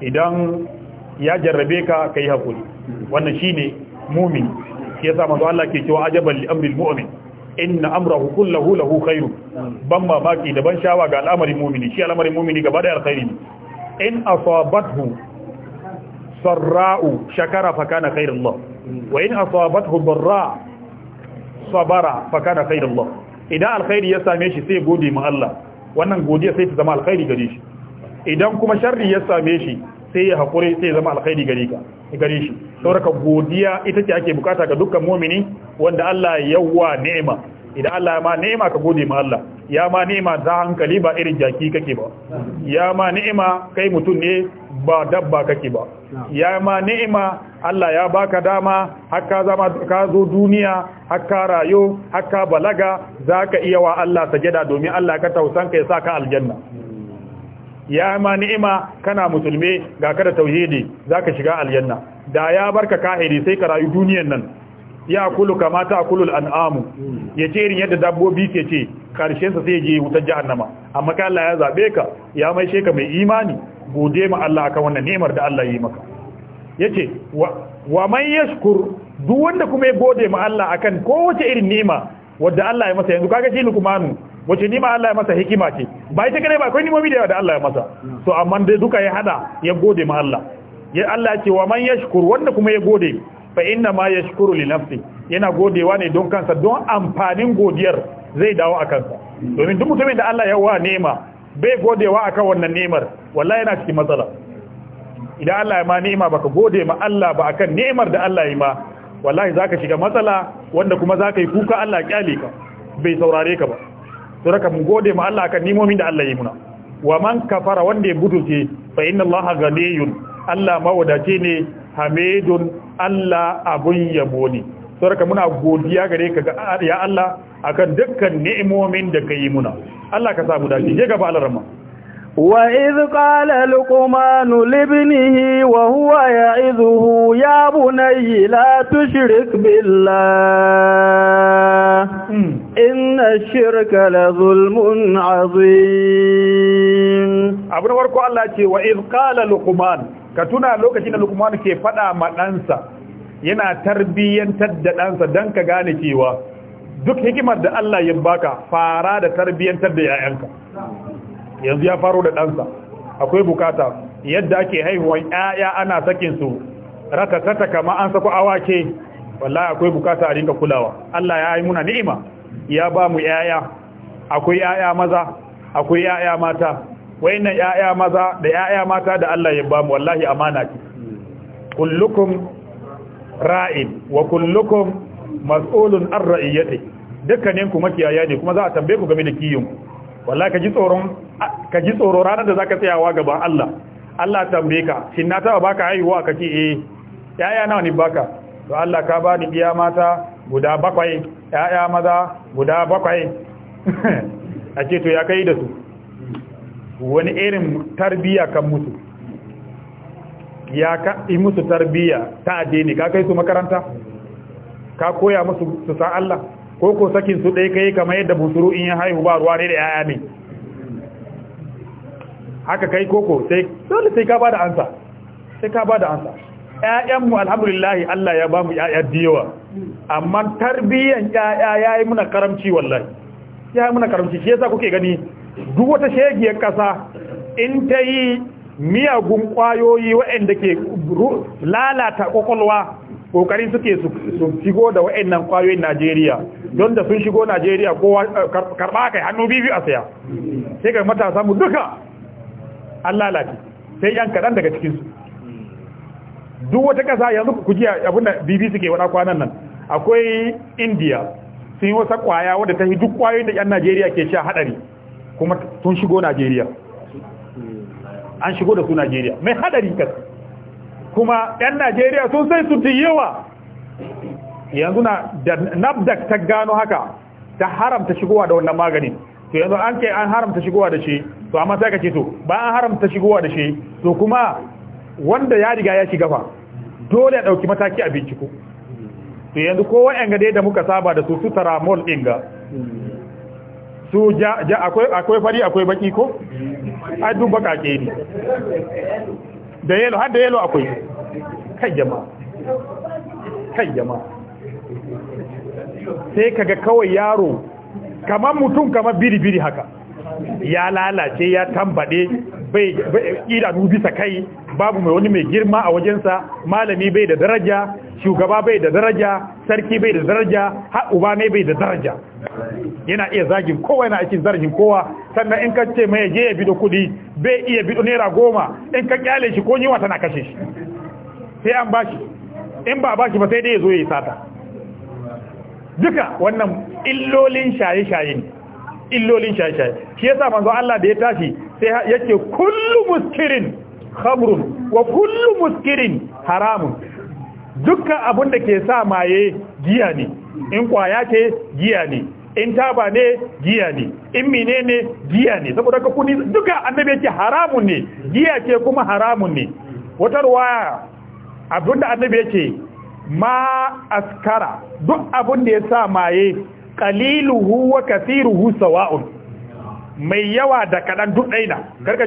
idan ya jarrabe ka kai hakuri wannan shine mu'min shi yasa manzo Allah ke cewa ajaban li amril mu'min inna amrahu kullahu lahu khairu ban baki da ban shawa ga al'amarin mu'mini shi al'amarin mu'mini gaba da alkhairi ne in asabathu sarra'u shakara fa kana khairullah wa in asabathu dharra sabara fa kana khairullah idan alkhairi ya same shi sai godi mu Allah wannan godiya sai ta zama alkhairi gare shi idan kuma sharri ya same shi sai ya hakuri sai ya zama alkhairi gare ka gare shi sauraka godiya ita ce ake bukata ga dukkan mu'mini wanda Allah ya yawa ni'ima idan Allah ya ma ni'ima ka godi mu Allah ya ma ni'ima za hankali ba irin jaki kake ba ya ma ni'ima kai mutum ne ba dabba kake ba ya ma ni'ima Allah ya baka dama haka zama ka zo duniya haka rayo haka balaga zaka iya wa Allah sajada domin Allah ka tausan ka ya saka aljanna ya ma ni'ima kana musulmi ga ka da tauhidi zaka shiga aljanna da ya barka kahiri sai ka rayu duniyan nan ya kulu kama ta kulul an'amu hmm. ya ce irin yadda dabbobi ke ce karshen sa sai je wutar jahannama amma kai Allah ya zabe ka ya mai sheka mai imani gode ma Allah akan wannan ni'imar da Allah yi maka yace wa man yashkur duk wanda kuma ya gode ma Allah akan kowace irin ni'ima wanda Allah ya masa yanzu kaga shi lukmanu wace ni'ima Allah ya masa hikima ce ba ita kare ba akwai nimomi da yawa da Allah ya masa to amma dai duka ya hada ya gode ma Allah ya Allah ya ce wa man yashkur wanda kuma ya gode fa inna ma yashkuru li nafsi yana godewa ne don kansa don amfanin godiyar zai dawo a kansa domin duk mutumin da Allah ya wa nema bai godewa kan wannan nemar wallahi yana cikin matsala idan Allah ya ma ni'ima baka gode ma Allah ba akan nemar da Allah ya ma wallahi zaka shiga matsala wanda kuma zaka yi kuka Allah kyale ka bai saurare ka ba to raka mu gode ma Allah akan ni'imomin da Allah ya muna wa man kafara wanda ya butuce fa inna Allah ganiyun Allah ne hamidun Allah abun yabo ne to raka muna godiya gare ka ya Allah akan dukkan ni'imomin da kai muna Allah ka samu dace je gaba al-rama wa idh qala luqman li ibnihi wa huwa ya'idhuhu ya bunayya la tushrik billah hmm. inna shirka la zulmun 'azim abun warko Allah ce wa idh qala luqman ka tuna lokacin da luqman ke fada ma dansa yana tarbiyantar da dansa dan ka gane cewa duk hikimar da Allah ya baka fara da tarbiyyantar da yayanka yanzu ya faro da ɗansa akwai bukata yadda ake haihuwan 'ya'ya ana sakin su ratatata kama an sako awake wallahi akwai bukata a rinka kulawa Allah ya yi muna ni'ima ya ba mu ‘ya’ya akwai 'ya'ya maza akwai 'ya'ya mata wayannan 'ya'ya maza da 'ya'ya mata da Allah ya ba mu wallahi amana ce kullukum ra'in wa kullukum mas'ulun an ra'iyati dukkanin ku makiyaya ne kuma za a tambaye ku game da kiyon wallahi ka ji tsoron ka ji tsoro ranar da zaka tsayawa gaban Allah Allah tambaye ka shin na taba baka haihuwa ka ce eh yaya nawa ne baka to Allah ka ba ni iya mata guda bakwai yaya maza guda bakwai a ce to ya kai da su wani irin tarbiya kan mutu ya ka yi musu tarbiya ta addini ka kai su makaranta ka koya musu su san Allah ko ko sakin su dai kai kamar yadda busuru in ya haihu ba ruwa ne da yaya ne haka kai koko sai dole sai ka bada ansa sai ka bada ansa ƴaƴanmu alhamdulillah Allah ya bamu ƴaƴa diyawa amma tarbiyan ƴaƴa yayi muna karamci wallahi yayi muna karamci shi yasa kuke gani duk wata shegiyar kasa in ta yi miyagun kwayoyi waɗanda ke lalata kwakwalwa kokarin suke su shigo da waɗannan kwayoyin Najeriya don da sun shigo Najeriya kowa eh, karba kai hannu bibi a saya sai ga matasa mu duka an lalace sai yan kadan daga cikin su duk wata kasa yanzu ku ji abinda bibi suke wada kwanan nan akwai India sun yi wasa kwaya wadda ta yi duk kwayoyin da yan Najeriya ke sha hadari kuma sun shigo Najeriya an shigo da su Najeriya mai hadari kas kuma yan Najeriya sun sai su yawa yanzu na da nafdak ta gano haka ta haramta shigowa da wannan maganin to yanzu an ce an haramta shigowa da shi to amma sai ka ce to ba an haramta shigowa da shi to kuma wanda ya riga ya shiga fa dole ya dauki mataki a binciko to yanzu ko ga dai da muka saba da su su mol din ga su ja akwai akwai fari akwai baki ko ai duk bakake ne da yelo har da yelo akwai kai jama'a kai jama'a sai kaga kawai yaro kamar mutum kamar biri-biri haka ya lalace ya tambade bai idanu bisa kai babu mai wani mai girma a wajensa malami bai da daraja shugaba bai da daraja sarki bai da daraja har uba ne bai da daraja yana iya zagin kowa yana aikin zargin kowa sannan in ka ce mai je ya da kudi bai iya bido naira goma in ka kyale shi ko yiwa tana kashe shi sai an bashi in ba bashi ba sai dai ya zo ya yi sata duka wannan illolin shaye-shaye ne illolin shaye-shaye shi yasa manzo Allah da ya tashi sai yake kullu muskirin khamrun wa kullu muskirin haramun Duka abun da ke sa maye giya ne in kwaya ce giya ne in taba ne giya ne in menene giya ne saboda ka kuni duka annabi yake haramun ne giya ce kuma haramun ne wata ruwaya da annabi yake ma askara duk abin da ya sa maye qaliluhu wa kathiruhu sawa'un mai yawa da kaɗan duk ɗai na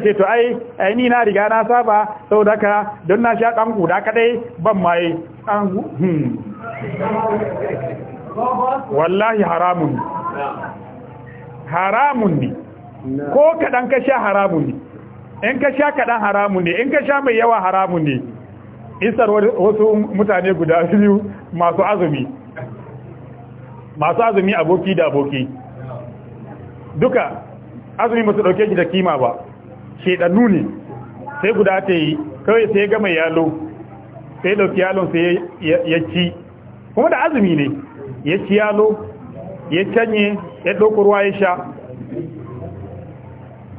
ce to ai ai ni na riga na saba sau ka don na sha ɗan guda kaɗai ban maye ɗan hmm. wallahi haramun ne haramun ne ko kaɗan ka sha haramun ne in ka sha kaɗan haramun ne in ka sha mai yawa haramun ne isar wasu mutane guda biyu masu azumi masu azumi aboki da aboki duka azumi ba su dauke shi da kima ba shedannu ne sai guda ta yi kawai sai gama yalo sai dauki yalon sai ya ci kuma da azumi ne ya ci yalo ya canye ya ɗauko ruwa ya sha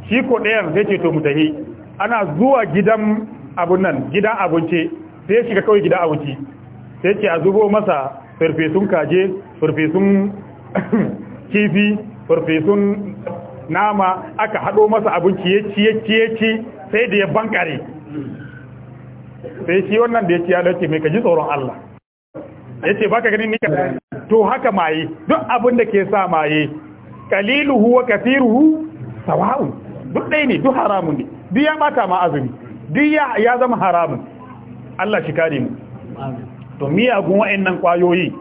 shi ko ɗayan sai ce to mutahi ana zuwa gidan abun nan gidan ce. sai ya shiga kawai gida a wuce sai ce a zubo masa farfesun kaje farfesun kifi farfesun nama aka haɗo masa ci ciye-ciye sai da ya bankare sai shi wannan da ya ci halarci mai kaji tsoron Allah ya ce ba ka gani nika to haka maye duk abin da ke sa maye kaliluhu wa kafiruhu sawa'u duk ɗaya ne duk haramun ne duk ya bata ma azumi duk ya zama haramun Allah shi kare mu to miyagun wa'annan kwayoyi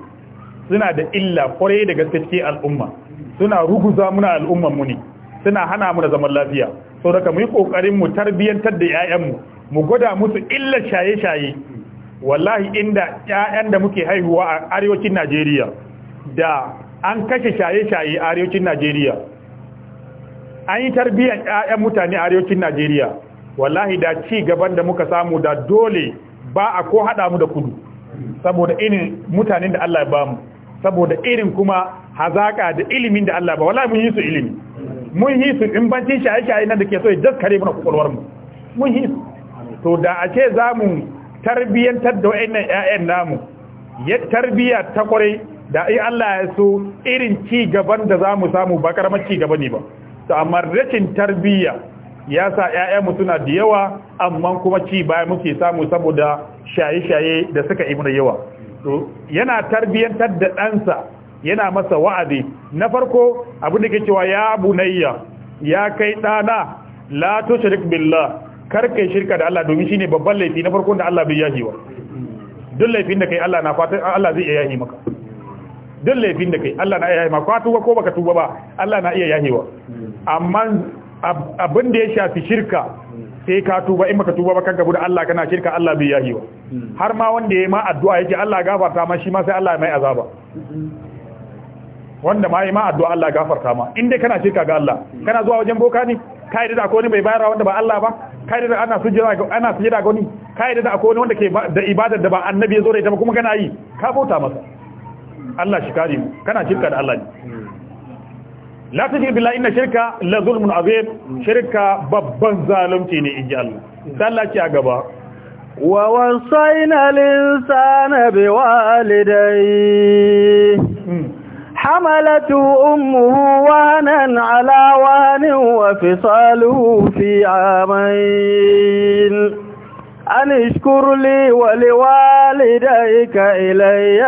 suna da illa kwarai da gaske cikin al'umma suna ruguza muna al'umman mu ne suna hana mu da zaman lafiya so daga mu yi kokarin mu tarbiyantar da 'ya'yanmu mu gwada musu illar shaye-shaye wallahi inda ƴaƴan da muke haihuwa a arewacin Najeriya da an kashe shaye-shaye a arewacin Najeriya an yi tarbiyyar ƴaƴan mutane a arewacin Najeriya wallahi da ci gaban da muka samu da dole ba a ko haɗa mu da kudu saboda irin mutanen da Allah ya ba mu saboda irin kuma hazaka da ilimin da Allah ba wallahi mun yi su ilimi mun yi su in bancin shaye-shaye nan da ke so ya jaskare mana kokolwar mu mun yi su to da a ce za mu tarbiyyantar da wayennan 'ya'yan namu ya tarbiya ta kwarai da ai Allah ya so irin ci gaban da za mu samu ba karamar ci gaba ne ba to amma rashin tarbiyya ya sa ƴaƴan mu suna da yawa amma kuma ci baya muke samu saboda shaye-shaye da suka yi mana yawa to yana tarbiyyantar da ɗansa yana masa wa'adi na farko abin da ke cewa ya bunayya ya kai ɗana la shirik billah kar kai shirka da Allah domin shi ne babban laifi na farko da Allah bai yahi wa duk laifin da kai Allah na fatan Allah zai iya yahi maka duk laifin da kai Allah na iya yahi maka ko tuba ko baka tuba ba Allah na iya yahi wa amma abin da ya shafi shirka sai ka tuba in baka tuba ba kanka da Allah kana shirka Allah bai yahi wa har ma wanda yayi ma addu'a yake Allah gafarta ma shi ma sai Allah mai azaba wanda ma yayi ma addu'a Allah gafarta ma in dai kana shirka ga Allah kana zuwa wajen boka ne kai da akwai wani bai bayarwa wanda ba Allah ba kai da ana sujjada ga ana sujjada ga wani kai da akwai wani wanda ke da ibadar da ba annabi ya zo da ita ba kuma kana yi ka bauta masa Allah shi kare mu kana shirka da Allah ne la tajid billahi inna shirka la zulmun azim shirka babban zalunci ne inji Allah Allah ce a gaba wa wasaina linsana hmm. hamalatu حملته أمه وانا على وان وفصاله في عامين أن اشكر لي ولوالديك إلي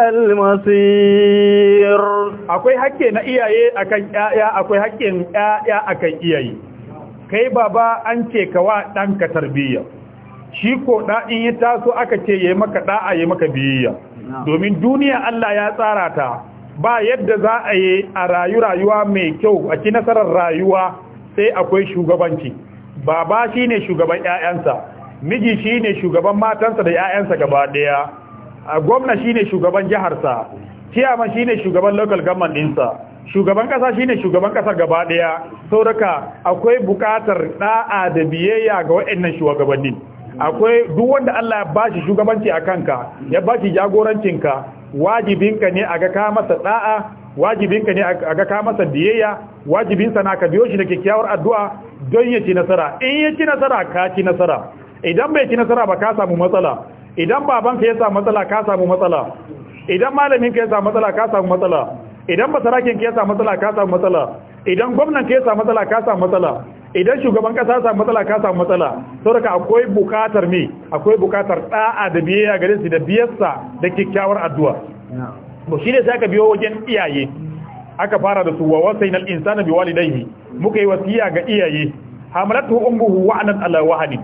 akwai hakke na iyaye akan yaya akwai hakkin yaya akan iyaye kai baba an ce ka wa ɗanka tarbiyya shi ko da in ya taso aka ce yayi maka da'a yi maka biyayya domin duniya Allah ya tsara ta ba yadda za a yi a rayu rayuwa mai kyau a ci nasarar rayuwa sai akwai shugabanci baba shine shugaban 'ya'yansa. miji shi ne shugaban matansa da 'ya'yansa gaba daya gwamna ne shugaban jiharsa ciyama ne shugaban local government ɗinsa shugaban shi ne shugaban ƙasar gaba daya sauraka akwai buƙatar ɗa'a da biyayya ga wa'annan shugabannin akwai duk wanda Allah ya bashi shugabanci a kanka ya bashi jagorancinka wajibinka ne a ga ka masa ɗa'a? wajibinka ne a ga ka masa biyayya wajibinsa na ka biyo shi da kyakkyawar addu'a don ya ci nasara in ya ci nasara ka ci nasara idan bai ci nasara ba ka samu matsala idan babanka ya samu matsala ka samu matsala idan malaminka ya samu matsala ka samu matsala idan basarakinka ya samu matsala ka samu matsala idan gwamnanka ya samu matsala ka samu matsala idan shugaban kasa samu matsala ka samu matsala saboda akwai bukatar me akwai bukatar da'a da biyayya gare su da biyarsa da kikkiawar addu'a to shine sai aka biyo wajen iyaye aka fara da su wa wasainal insana biwalidayhi muka yi wasiya ga iyaye hamalatu ummuhu anat ala wahani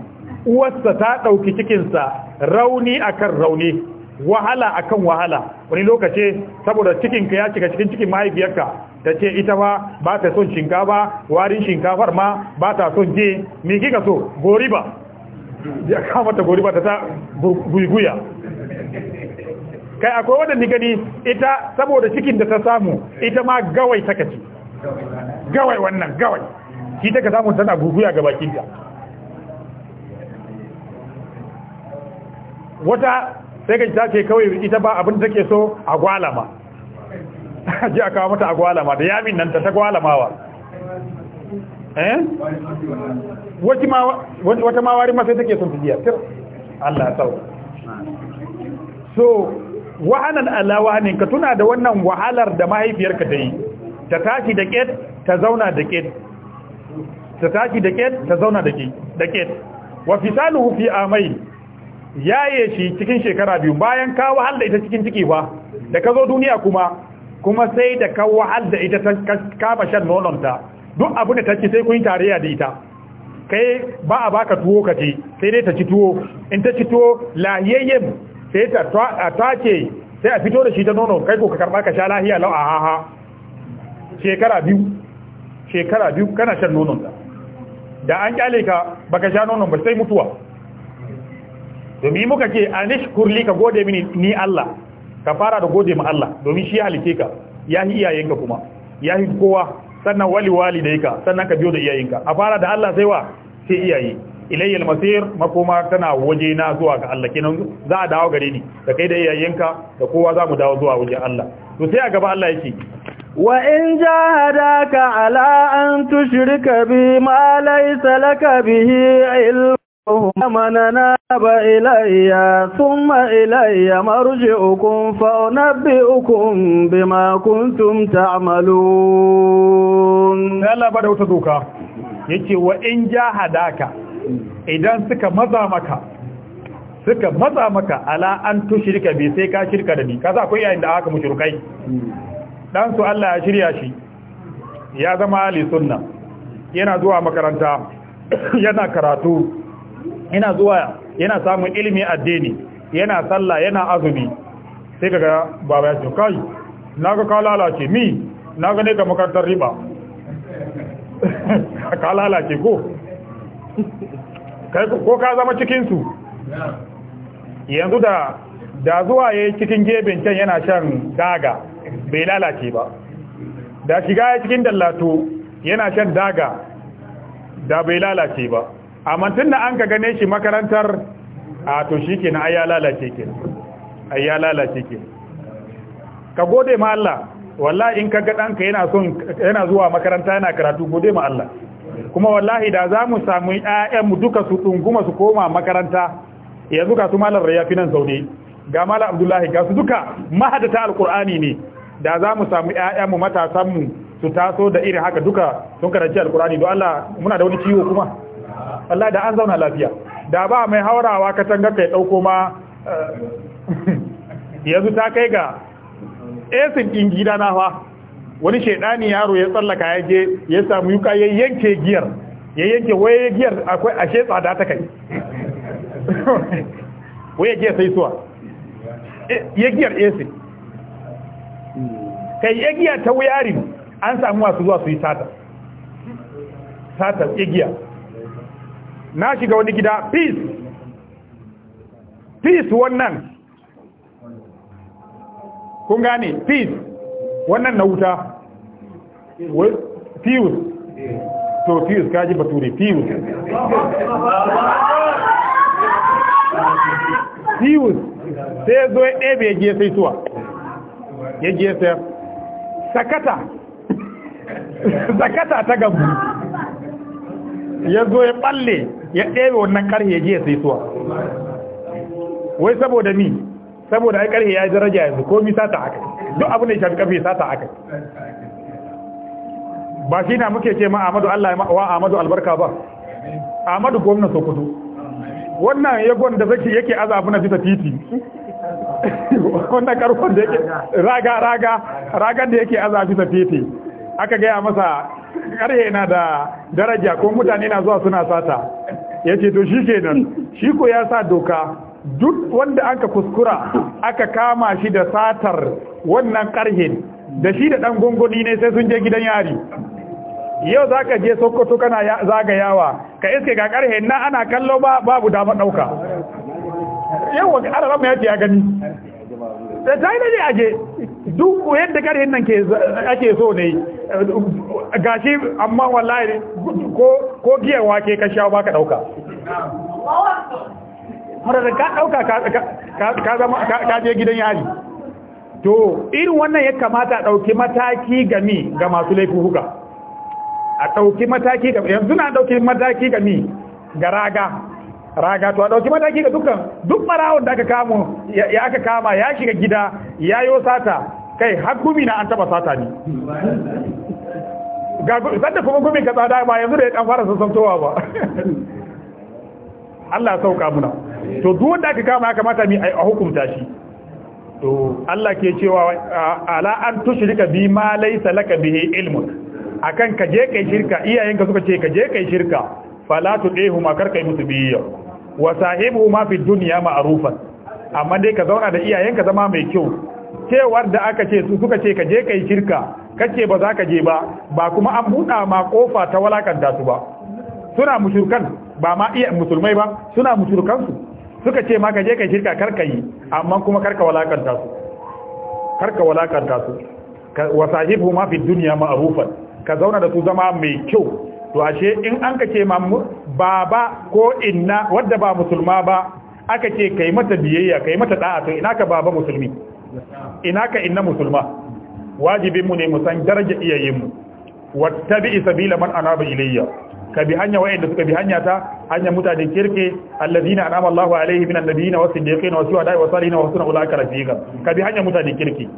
uwarsa ta ɗauki cikinsa rauni akan rauni wahala akan wahala wani lokaci saboda cikinka ya cika cikin cikin mahaifiyarka ta ce ita ma ba ta son shinkafa warin shinkafar ma ba ta son je me kika so goriba ya kama ta goriba ta ta guiguya kai akwai wadda ni gani ita saboda cikin da ta samu ita ma gawai ta kaci gawai wannan gawai shi ta ka samu tana guguya ga bakinta wata sai ka ta ce kawai ita ba abin da take so a gwalama ji a kawo mata a gwalama da yamin nan ta ta gwalamawa eh wata ma wari ma sai take son tijiya tir Allah ya sau so wahanan ala wahanin ka tuna da wannan wahalar da mahaifiyarka ta yi ta tashi da ket ta zauna da ket ta tashi da ket ta zauna da ket wa fisaluhu fi amai yaye shi cikin shekara biyu bayan ka wahal da ita cikin ciki fa da ka zo duniya kuma kuma sai da ka wahal da ita ta kafa shan nononta duk abu da ta ci sai kun tarayya da ita kai ba a baka tuwo ka ci sai dai ta ci tuwo in ta ci tuwo lahiyayyen sai ta tace sai a fito da shi ta nono kai ko ka karba ka sha lahiya lau a haha shekara biyu shekara biyu kana shan nononta da an kyale ka baka sha nonon ba sai mutuwa domin muka ce anishkur li ka gode mini ni Allah ka fara da gode ma Allah domin shi halice ka ya yi iyayenka kuma ya yi kowa sannan wali wali da yaka sannan ka biyo da iyayenka a fara da Allah sai wa sai iyaye ilayyal masir makoma tana waje na zuwa ga Allah kenan za a dawo gare ni da kai da iyayenka da kowa za mu dawo zuwa wajen Allah to sai a gaba Allah yake wa in jahadaka ala an tushrika bi ma laysa laka bihi ilm مننا إلي ثم إلي مرجعكم فأنبئكم بما كنتم da يلا بدأ تدوكا yace wa in jahadaka idan suka maza maka suka maza maka ala an tushrika bi sai ka shirka da ni kaza akwai yayin da aka mushrikai dan su Allah ya shirya shi ya zama ali sunna yana zuwa makaranta yana karatu ina zuwa yana samun ilimi addini yana sallah yana azumi sai kaga baba ya ce kai naga ka lalace mi naga ne ka makarantar riba ka lalace ko ko ka zama cikin su yanzu da da zuwa yi cikin gebin can yana shan daga bai lalace ba da shiga cikin dallato yana shan daga da bai lalace ba amma tun da an ka gane shi makarantar a to shi ke na ayya lalace ke ayya lalace ke ka gode ma Allah wallahi in ka ga ɗanka yana zuwa makaranta yana karatu gode ma Allah kuma wallahi da za mu samu ƴaƴanmu duka su ɗunguma su koma makaranta yanzu ka su malar rayafi nan zaune. ga malar abdullahi ga su duka mahadata Alƙur'ani ne da za mu samu ƴaƴanmu matasanmu su taso da irin haka duka sun karanci Alƙur'ani. don Allah muna da wani ciwo kuma Allah da an zauna lafiya da ba mai haurawa katanga kai dauko ma eh, yanzu ta kai ga esin din gida na fa wani shedani yaro ya tsallaka ya je ya samu yuka ya yanke giyar ya yanke waye giyar akwai ashe tsada ta kai waye giyar sai suwa eh, ya giyar esin kai ya giya ta wuyarin an samu wasu zuwa su yi tata tata ya na shiga wani gida peace peace wannan kun gane peace wannan na wuta peace to peace kaji bature peace peace sai zo ya ɗebe ya je sai tuwa ya je sai sakata sakata ta gabu ya zo ya balle ya ɗebe wannan ƙarhe ya ji ya sai suwa wai saboda ni saboda ai ƙarhe ya yi daraja yanzu ko mi sata aka duk abin da ya shafi ƙarfe sata aka ba shi na muke ce ma Amadu Allah wa Amadu albarka ba Ahmadu gwamnan Sokoto wannan yagon da zaki yake azabu na bisa titi wannan ƙarfon da yake raga raga ragan da yake azabu bisa titi aka gaya masa ƙarhe na da daraja ko mutane na zuwa suna sata ya ce to shi kenan shi ko ya sa doka duk wanda aka kuskura aka kama shi da satar wannan karhin da shi da dan gunguni ne sai sun je gidan yari yau za ka je sokoto kana zagayawa ka iske ga karhin na ana kallo ba babu damar ɗauka yau wa ya ce ya gani sai eh, ta yi da aje duk yadda karhin nan ake so ne gashi amma wallahi ko giyar wake ka sha ba ka ɗauka marar ka ɗauka ka je gidan yari to irin wannan ya kamata a ɗauki mataki gami ga masu laifin huka a ɗauki mataki gami yanzu na ɗauki mataki gami ga raga raga to a dauki mataki ga dukkan duk marawon da aka kamo ya aka kama ya shiga gida ya yo sata kai har gumi na an taba sata ne ga sanda kuma gumi ka tsada ba yanzu da ya dan fara sassantowa ba Allah ya sauka muna to duk wanda aka kama ya kamata mi a hukunta shi to Allah ke cewa ala an tushrika bi ma laysa laka bihi ilmun akan ka je kai shirka iyayenka suka ce ka je kai shirka fala tudehuma karkai musu biyya wa sahibu ma fi duniya ma'rufan amma dai ka zauna da iyayenka zama mai kyau cewar da aka ce su suka ce ka je kai shirka kace ba za ka je ba ba kuma an buɗa ma kofa ta walakanta su ba suna mushrikan ba ma iya musulmai ba suna mushrikan su suka ce ma ka je kai shirka kar yi amma kuma karka walakanta su karka walakanta su wa sahibu ma fi dunya ma'rufan ka zauna da su zama mai kyau to ashe in an ka ce baba ko inna wadda ba musulma ba aka ce kai mata biyayya kai mata da'a to ina ka baba musulmi ina ka inna musulma wajibinmu ne mu san daraja iyayenmu wattabi sabila man anaba ilayya ka bi hanya wa'anda suka bi hanya ta hanya mutanen kirke allazina an'ama Allahu alaihi minan nabiyina was siddiqin was shuhada'i was salihin wa husna ulaika rafiqa ka bi hanya mutanen kirke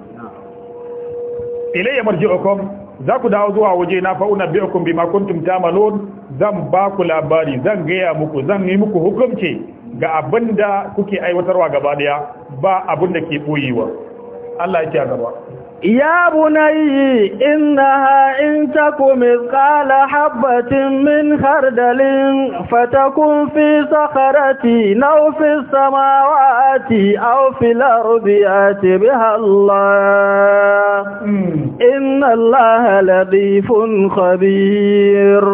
ilayya marji'ukum za ku dawo zuwa waje na fa'una bi'akum bima kuntum ta'malun zan ba ku labari zan gaya muku zan yi muku hukunci ga abinda kuke aiwatarwa gaba daya ba abinda ke boyewa Allah ya ci gaba Ya bunayi inna ha in takumi ƙala habbatin min hardalin fatakun fi sakarati na ofin samawati au filaru biyati bi Allah. Inna Allah halarifin khabir.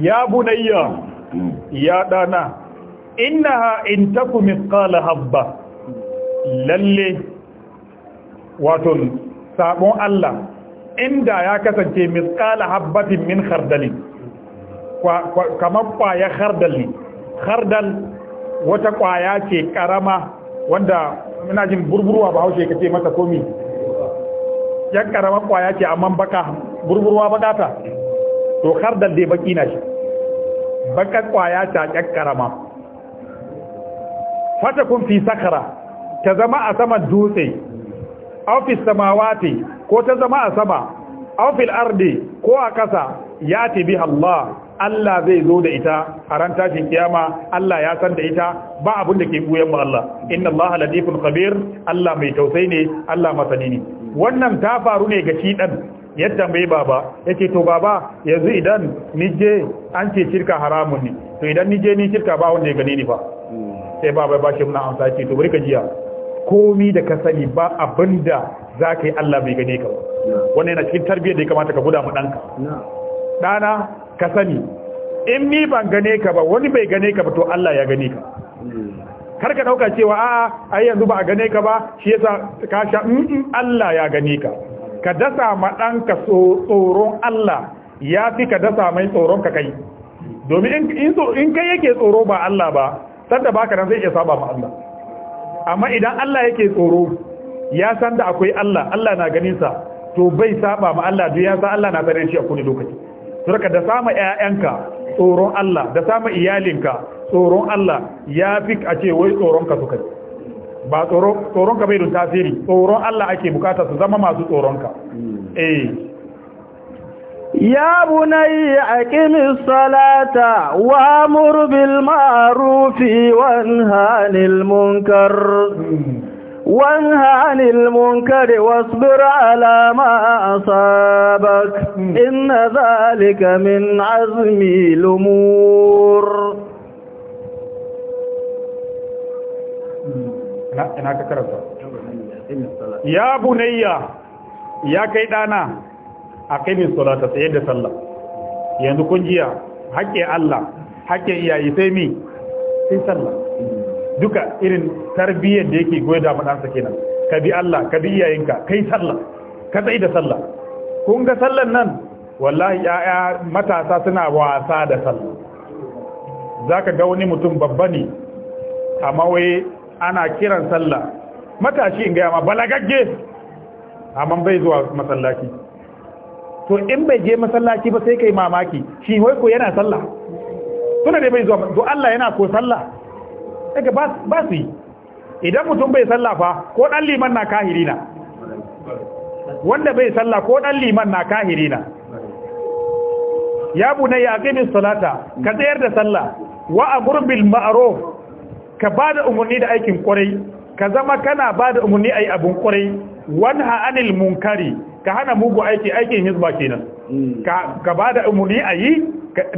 Ya bunayya, ya ɗana, inna ha in takumi ƙala habba, lalle, waton. sabon Allah inda ya kasance misqala habbatin min khardalin kamar kwaya khardal ne khardal wata kwaya ce ƙarama wanda muna jin burburwa ba haushe ce mata komi yan karama kwaya ce amma baka burburwa baka ta to hardal dai baki na shi baka kwaya ta yan ƙarama fata kun fi sakara ta zama a saman dutse aw fi samawati ko ta zama a sama aw fil ardi ko a kasa yati bi Allah Allah zai zo da ita a ran tashin kiyama Allah ya san da ita ba abun da ke buyan ma Allah inna Allah latiful khabir Allah mai tausayi ne Allah masani ne wannan ta faru ne ga shi dan ya tambaye baba yake to baba yanzu idan nije an ce shirka haramun ne to idan nije ni shirka ba wanda ya gani ni fa sai baba ba shi muna amsa ce to bari ka jiya komi da ka sani ba abinda za ka yi Allah bai gane ka ba yana cikin tarbiyyar da ya kamata ka guda maɗanka ɗana ka sani in ni ban gane ka ba wani bai gane ka ba to Allah ya gane ka kar ka dauka cewa a a yanzu ba a gane ka ba shi yasa ka sha in Allah ya gane ka ka dasa maɗanka tsoron Allah ya fi ka dasa mai tsoron ka kai domin in kai yake tsoro ba Allah ba sanda baka nan zai iya saba ma Allah amma idan Allah yake tsoro ya san da akwai Allah Allah na ganin sa to bai saba ma Allah duk ya san Allah na sanin shi a kowane lokaci to raka da sama ƴaƴanka tsoron Allah da sama iyalinka tsoron Allah ya fi a ce wai tsoron ka suka ba tsoron tsoron bai da tasiri tsoron Allah ake bukata su zama masu tsoron ka eh يا بني أقم الصلاة وأمر بالمعروف وانهى عن المنكر وانهى عن المنكر واصبر على ما أصابك إن ذلك من عزم الأمور يا بني يا كيدانا aqimi salata tsaye da sallah yanzu kun jiya hakke Allah hakke iyaye sai mi sai sallah duka irin tarbiyyar da yake goye da sa kenan ka bi Allah ka bi iyayenka kai sallah ka sai da sallah kun ga sallan nan wallahi ya'ya matasa suna wasa da sallah zaka ga wani mutum babba ne amma wai ana kiran sallah matashi in ga ma balagagge amma bai zuwa masallaci to in bai je masallaci ba sai kai mamaki shi wai ko yana sallah suna da bai zuwa to Allah yana ko sallah daga ba su yi idan mutum bai sallah fa ko dan liman na kahirina wanda bai sallah ko dan liman na kahirina ya bunayya aqimis salata ka tsayar da sallah wa a bil ma'ruf ka bada umarni da aikin kwarai ka zama kana bada umarni yi abun kwarai wanha anil munkari ka hana mugu aiki aikin hizba kenan hmm. ka ba da umuri a yi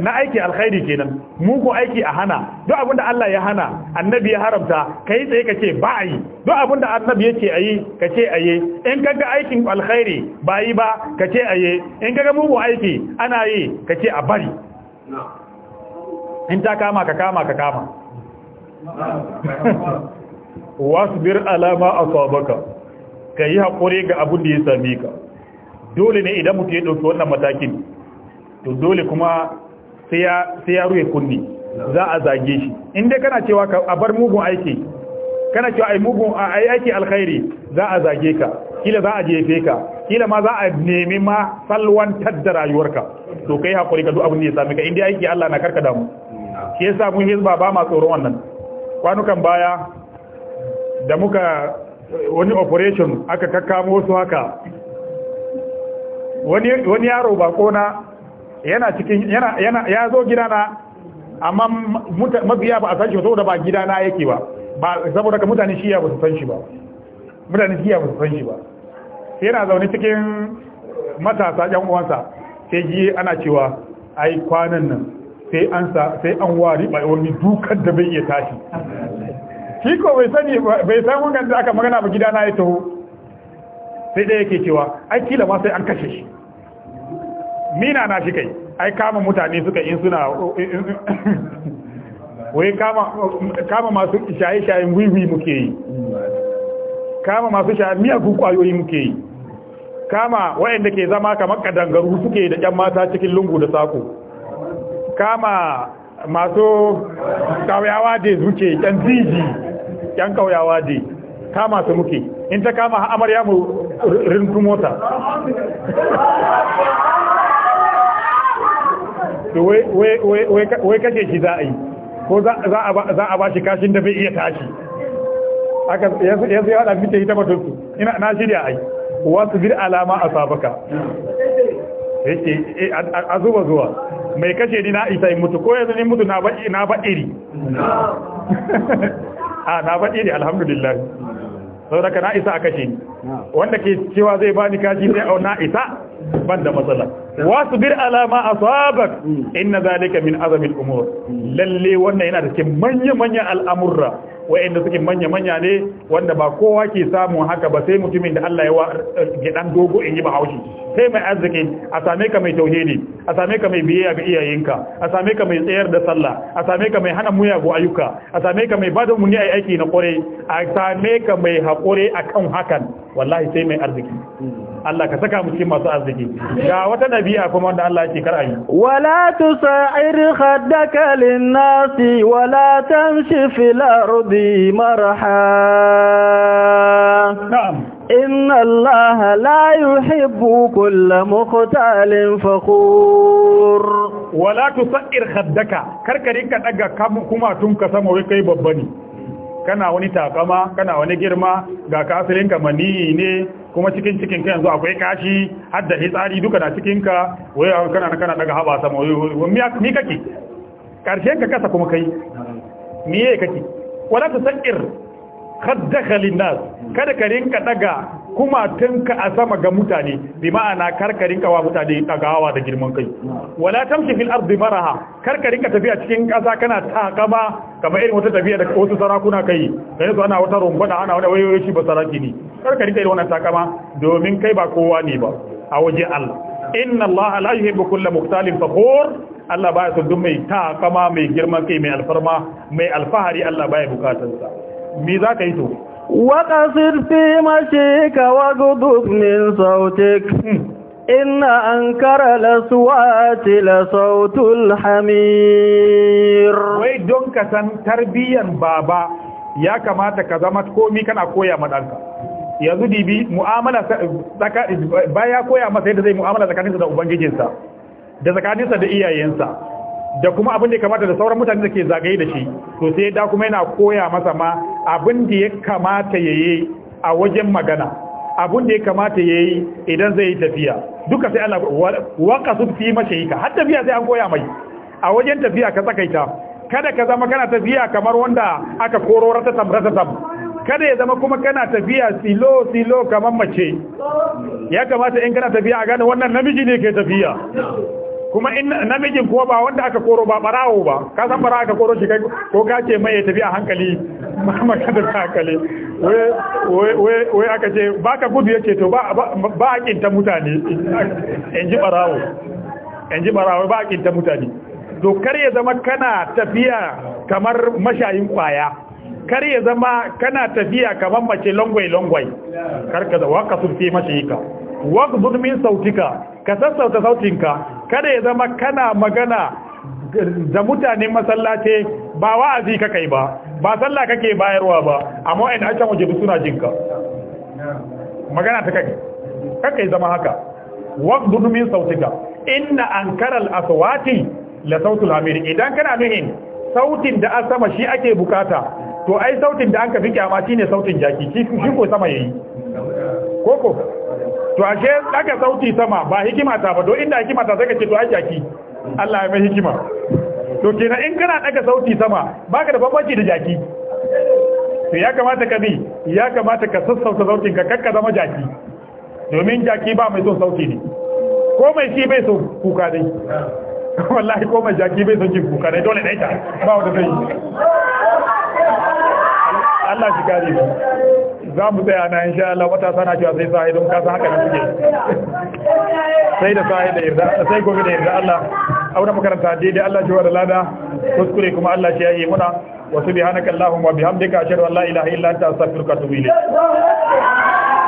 na aiki alkhairi kenan mugu aiki a hana duk abinda Allah ya hana annabi ya haramta ka yi tsaye ka ce ba a yi duk abinda annabi ya ce a yi ka ce a yi in kaga aikin alkhairi ba yi ba ka ce a yi in kaga mugu aiki ana yi ka ce a bari in ta kama ka kama ka kama wasbir alama asabaka ka yi haƙuri ga abin da ya same ka dole ne idan mutu ya ɗauki wannan matakin to dole kuma sai ya ruye kunni za a zage shi inda kana cewa a bar mugun aiki kana cewa yi mugun a yi aiki alkhairi za a zage ka kila za a jefe ka kila ma za a nemi ma salwantar da rayuwarka to kai hakuri ka duk abin da ya sami ka inda aiki Allah na karka damu shi yasa mun hizba ba ma tsoron wannan kwanukan baya da muka wani operation aka kakkamo su haka wani yaro bako na yana cikin yana ya zo gidana amma mabiya ba a san shi saboda ba gida na yake ba ba saboda ka mutane shiya ba su san shi ba mutane shiya ba su san shi ba yana zaune cikin matasa yan uwansa sai ji ana cewa ai kwanan nan sai an sa sai an wari bai wani dukan da bai iya tashi shi ko bai sani bai san wannan da aka magana ba na ya taho sai ɗaya yake cewa ai kila ma sai an kashe shi mina na shi kai ai kama mutane suka in suna wai kama masu shaye-shayen wiwi muke yi kama masu shayen miyagun kwayoyi muke yi kama wayanda ke zama kamar kadangaru suke da ƴan mata cikin lungu da sako kama masu kawayawa da zuke ƴan ziji ƴan kawayawa da kama su muke in ta kama amarya mu Rintu to wai kashe shi za a yi ko za a ba shi kashin da bai iya tashi aka ya hada mita ita batutu ina na shirya ai wasu bir alama a sabaka a zuba zuwa mai kashe ni na isa mutu ko yanzu ni mutu na ba na ba iri a na ba iri alhamdulillah saboda ka na isa a kashe ni wanda ke cewa zai bani kashi sai auna isa ban matsala wasu bir alama asabak inna zalika min azamil umur lalle wannan yana da cikin manya manyan al'amurra wa'anda suke manya manya ne wanda ba kowa ke samu haka ba sai mutumin da Allah ya wa eh, gidan dogo in yi ba haushi kai mai arziki a same ka mai tauhidi a same ka mai biyayya ga iyayenka a same ka mai tsayar da sallah a same ka mai hana ga ayyuka a same ka mai bada muni ai aiki na kore a same ka mai hakuri akan hakan wallahi sai mai arziki Allah ka saka mu cikin masu arziki ga wata nabi'a kuma wanda Allah yake kar ayi wala tusair khaddaka lin-nasi wala tamshi fil ardi marha na'am إن الله لا يحب كل مختال فخور ولا تصئر خدك كركريك دغا كما تنك سما وكاي ببني kana wani takama kana wani girma ga kafirin ka mani ne kuma cikin cikin ka yanzu akwai kashi har da hitsari duka na cikin ka wai kana kana daga haba sama wai mi kake karshen ka kasa kuma kai miye kake wala tusaqir kaddaka linnas kada ka rinka daga kumatunka a sama ga mutane bi ma'ana kar ka rinka wa mutane dagawa da girman kai wala tamshi fil ardi maraha kar ka rinka tafiya cikin kasa kana takama kamar irin wata tafiya da wasu sarakuna kai da yanzu ana wata rumbada ana wani wayoyi shi ba saraki ne kar ka rinka irin wannan takama domin kai ba kowa ne ba a waje Allah inna Allah la yuhibbu kulla muqtalin fakhur Allah baya son duk mai takama mai girman kai mai alfarma mai alfahari Allah baya bukatarsa mi za ka yi to waƙasir fi mashi ka wagudu min sautik hmm. inna an kara la sautul hamir wai don ka san tarbiyan baba ya kamata ka zama komi kana koya maɗanka yanzu dibi mu'amala baya koya masa yadda zai mu'amala tsakaninsa da ubangijinsa da tsakaninsa da iyayensa da kuma abin da ya kamata da sauran mutane da ke zagaye da shi to sai da kuma yana koya masa ma abin da ya kamata ya yi a wajen magana abin da ya kamata ya yi idan zai yi tafiya duka sai Allah waka su fi mace ka har tafiya sai an koya mai a wajen tafiya ka tsakaita kada ka zama kana tafiya kamar wanda aka koro ratatam ratatam kada ya zama kuma kana tafiya silo silo kamar mace ya kamata in kana tafiya a gane wannan namiji ne ke tafiya kuma in namijin ko ba wanda aka koro ba barawo ba ka san barawo aka koro shi kai ko ka ce mai ya tafi a hankali mama ka da hankali wai aka ce baka gudu yake to ba a ta mutane in ji barawo in ji barawo ba a ta mutane to kar ya zama kana tafiya kamar mashayin kwaya kar ya zama kana tafiya kamar mace longwai longwai kar ka da waka sulfi mashi ka waqbud min sautika ka sassauta sautinka kada ya zama kana magana da mutanen masallace ba wa'azi ka kai ba ba sallah kake bayarwa ba amma in an can waje suna jinka magana ta kai kakai zama haka waqdu min sautika inna ankara al-aswati la sautul idan kana nuhin sautin da an sama shi ake bukata to ai sautin da an ka fi kyama shine sautin jaki shi ko sama yayi koko to ashe daga sauti sama ba hikima ta ba to inda hikima ta sai ka ce to aiki jaki Allah ya mai hikima to kenan in kana daga sauti sama baka da bambanci da jaki to ya kamata ka bi ya kamata ka sassauta sautin ka kakka zama jaki domin jaki ba mai son sauti ne ko mai shi bai son kuka dai wallahi ko mai jaki bai son jin kuka dai dole dai ta ba wanda zai Allah shi kare mu za mu tsaya na insha Allah matasa na cewa sai sahi don kasa haka da suke sai da sahi da yarda sai gobe da yarda Allah aure makaranta daidai Allah shi wa da lada kuskure kuma Allah shi ya yi muna wasu subhanaka allahumma wa bihamdika ashhadu an la ilaha illa anta astaghfiruka wa atubu ilayk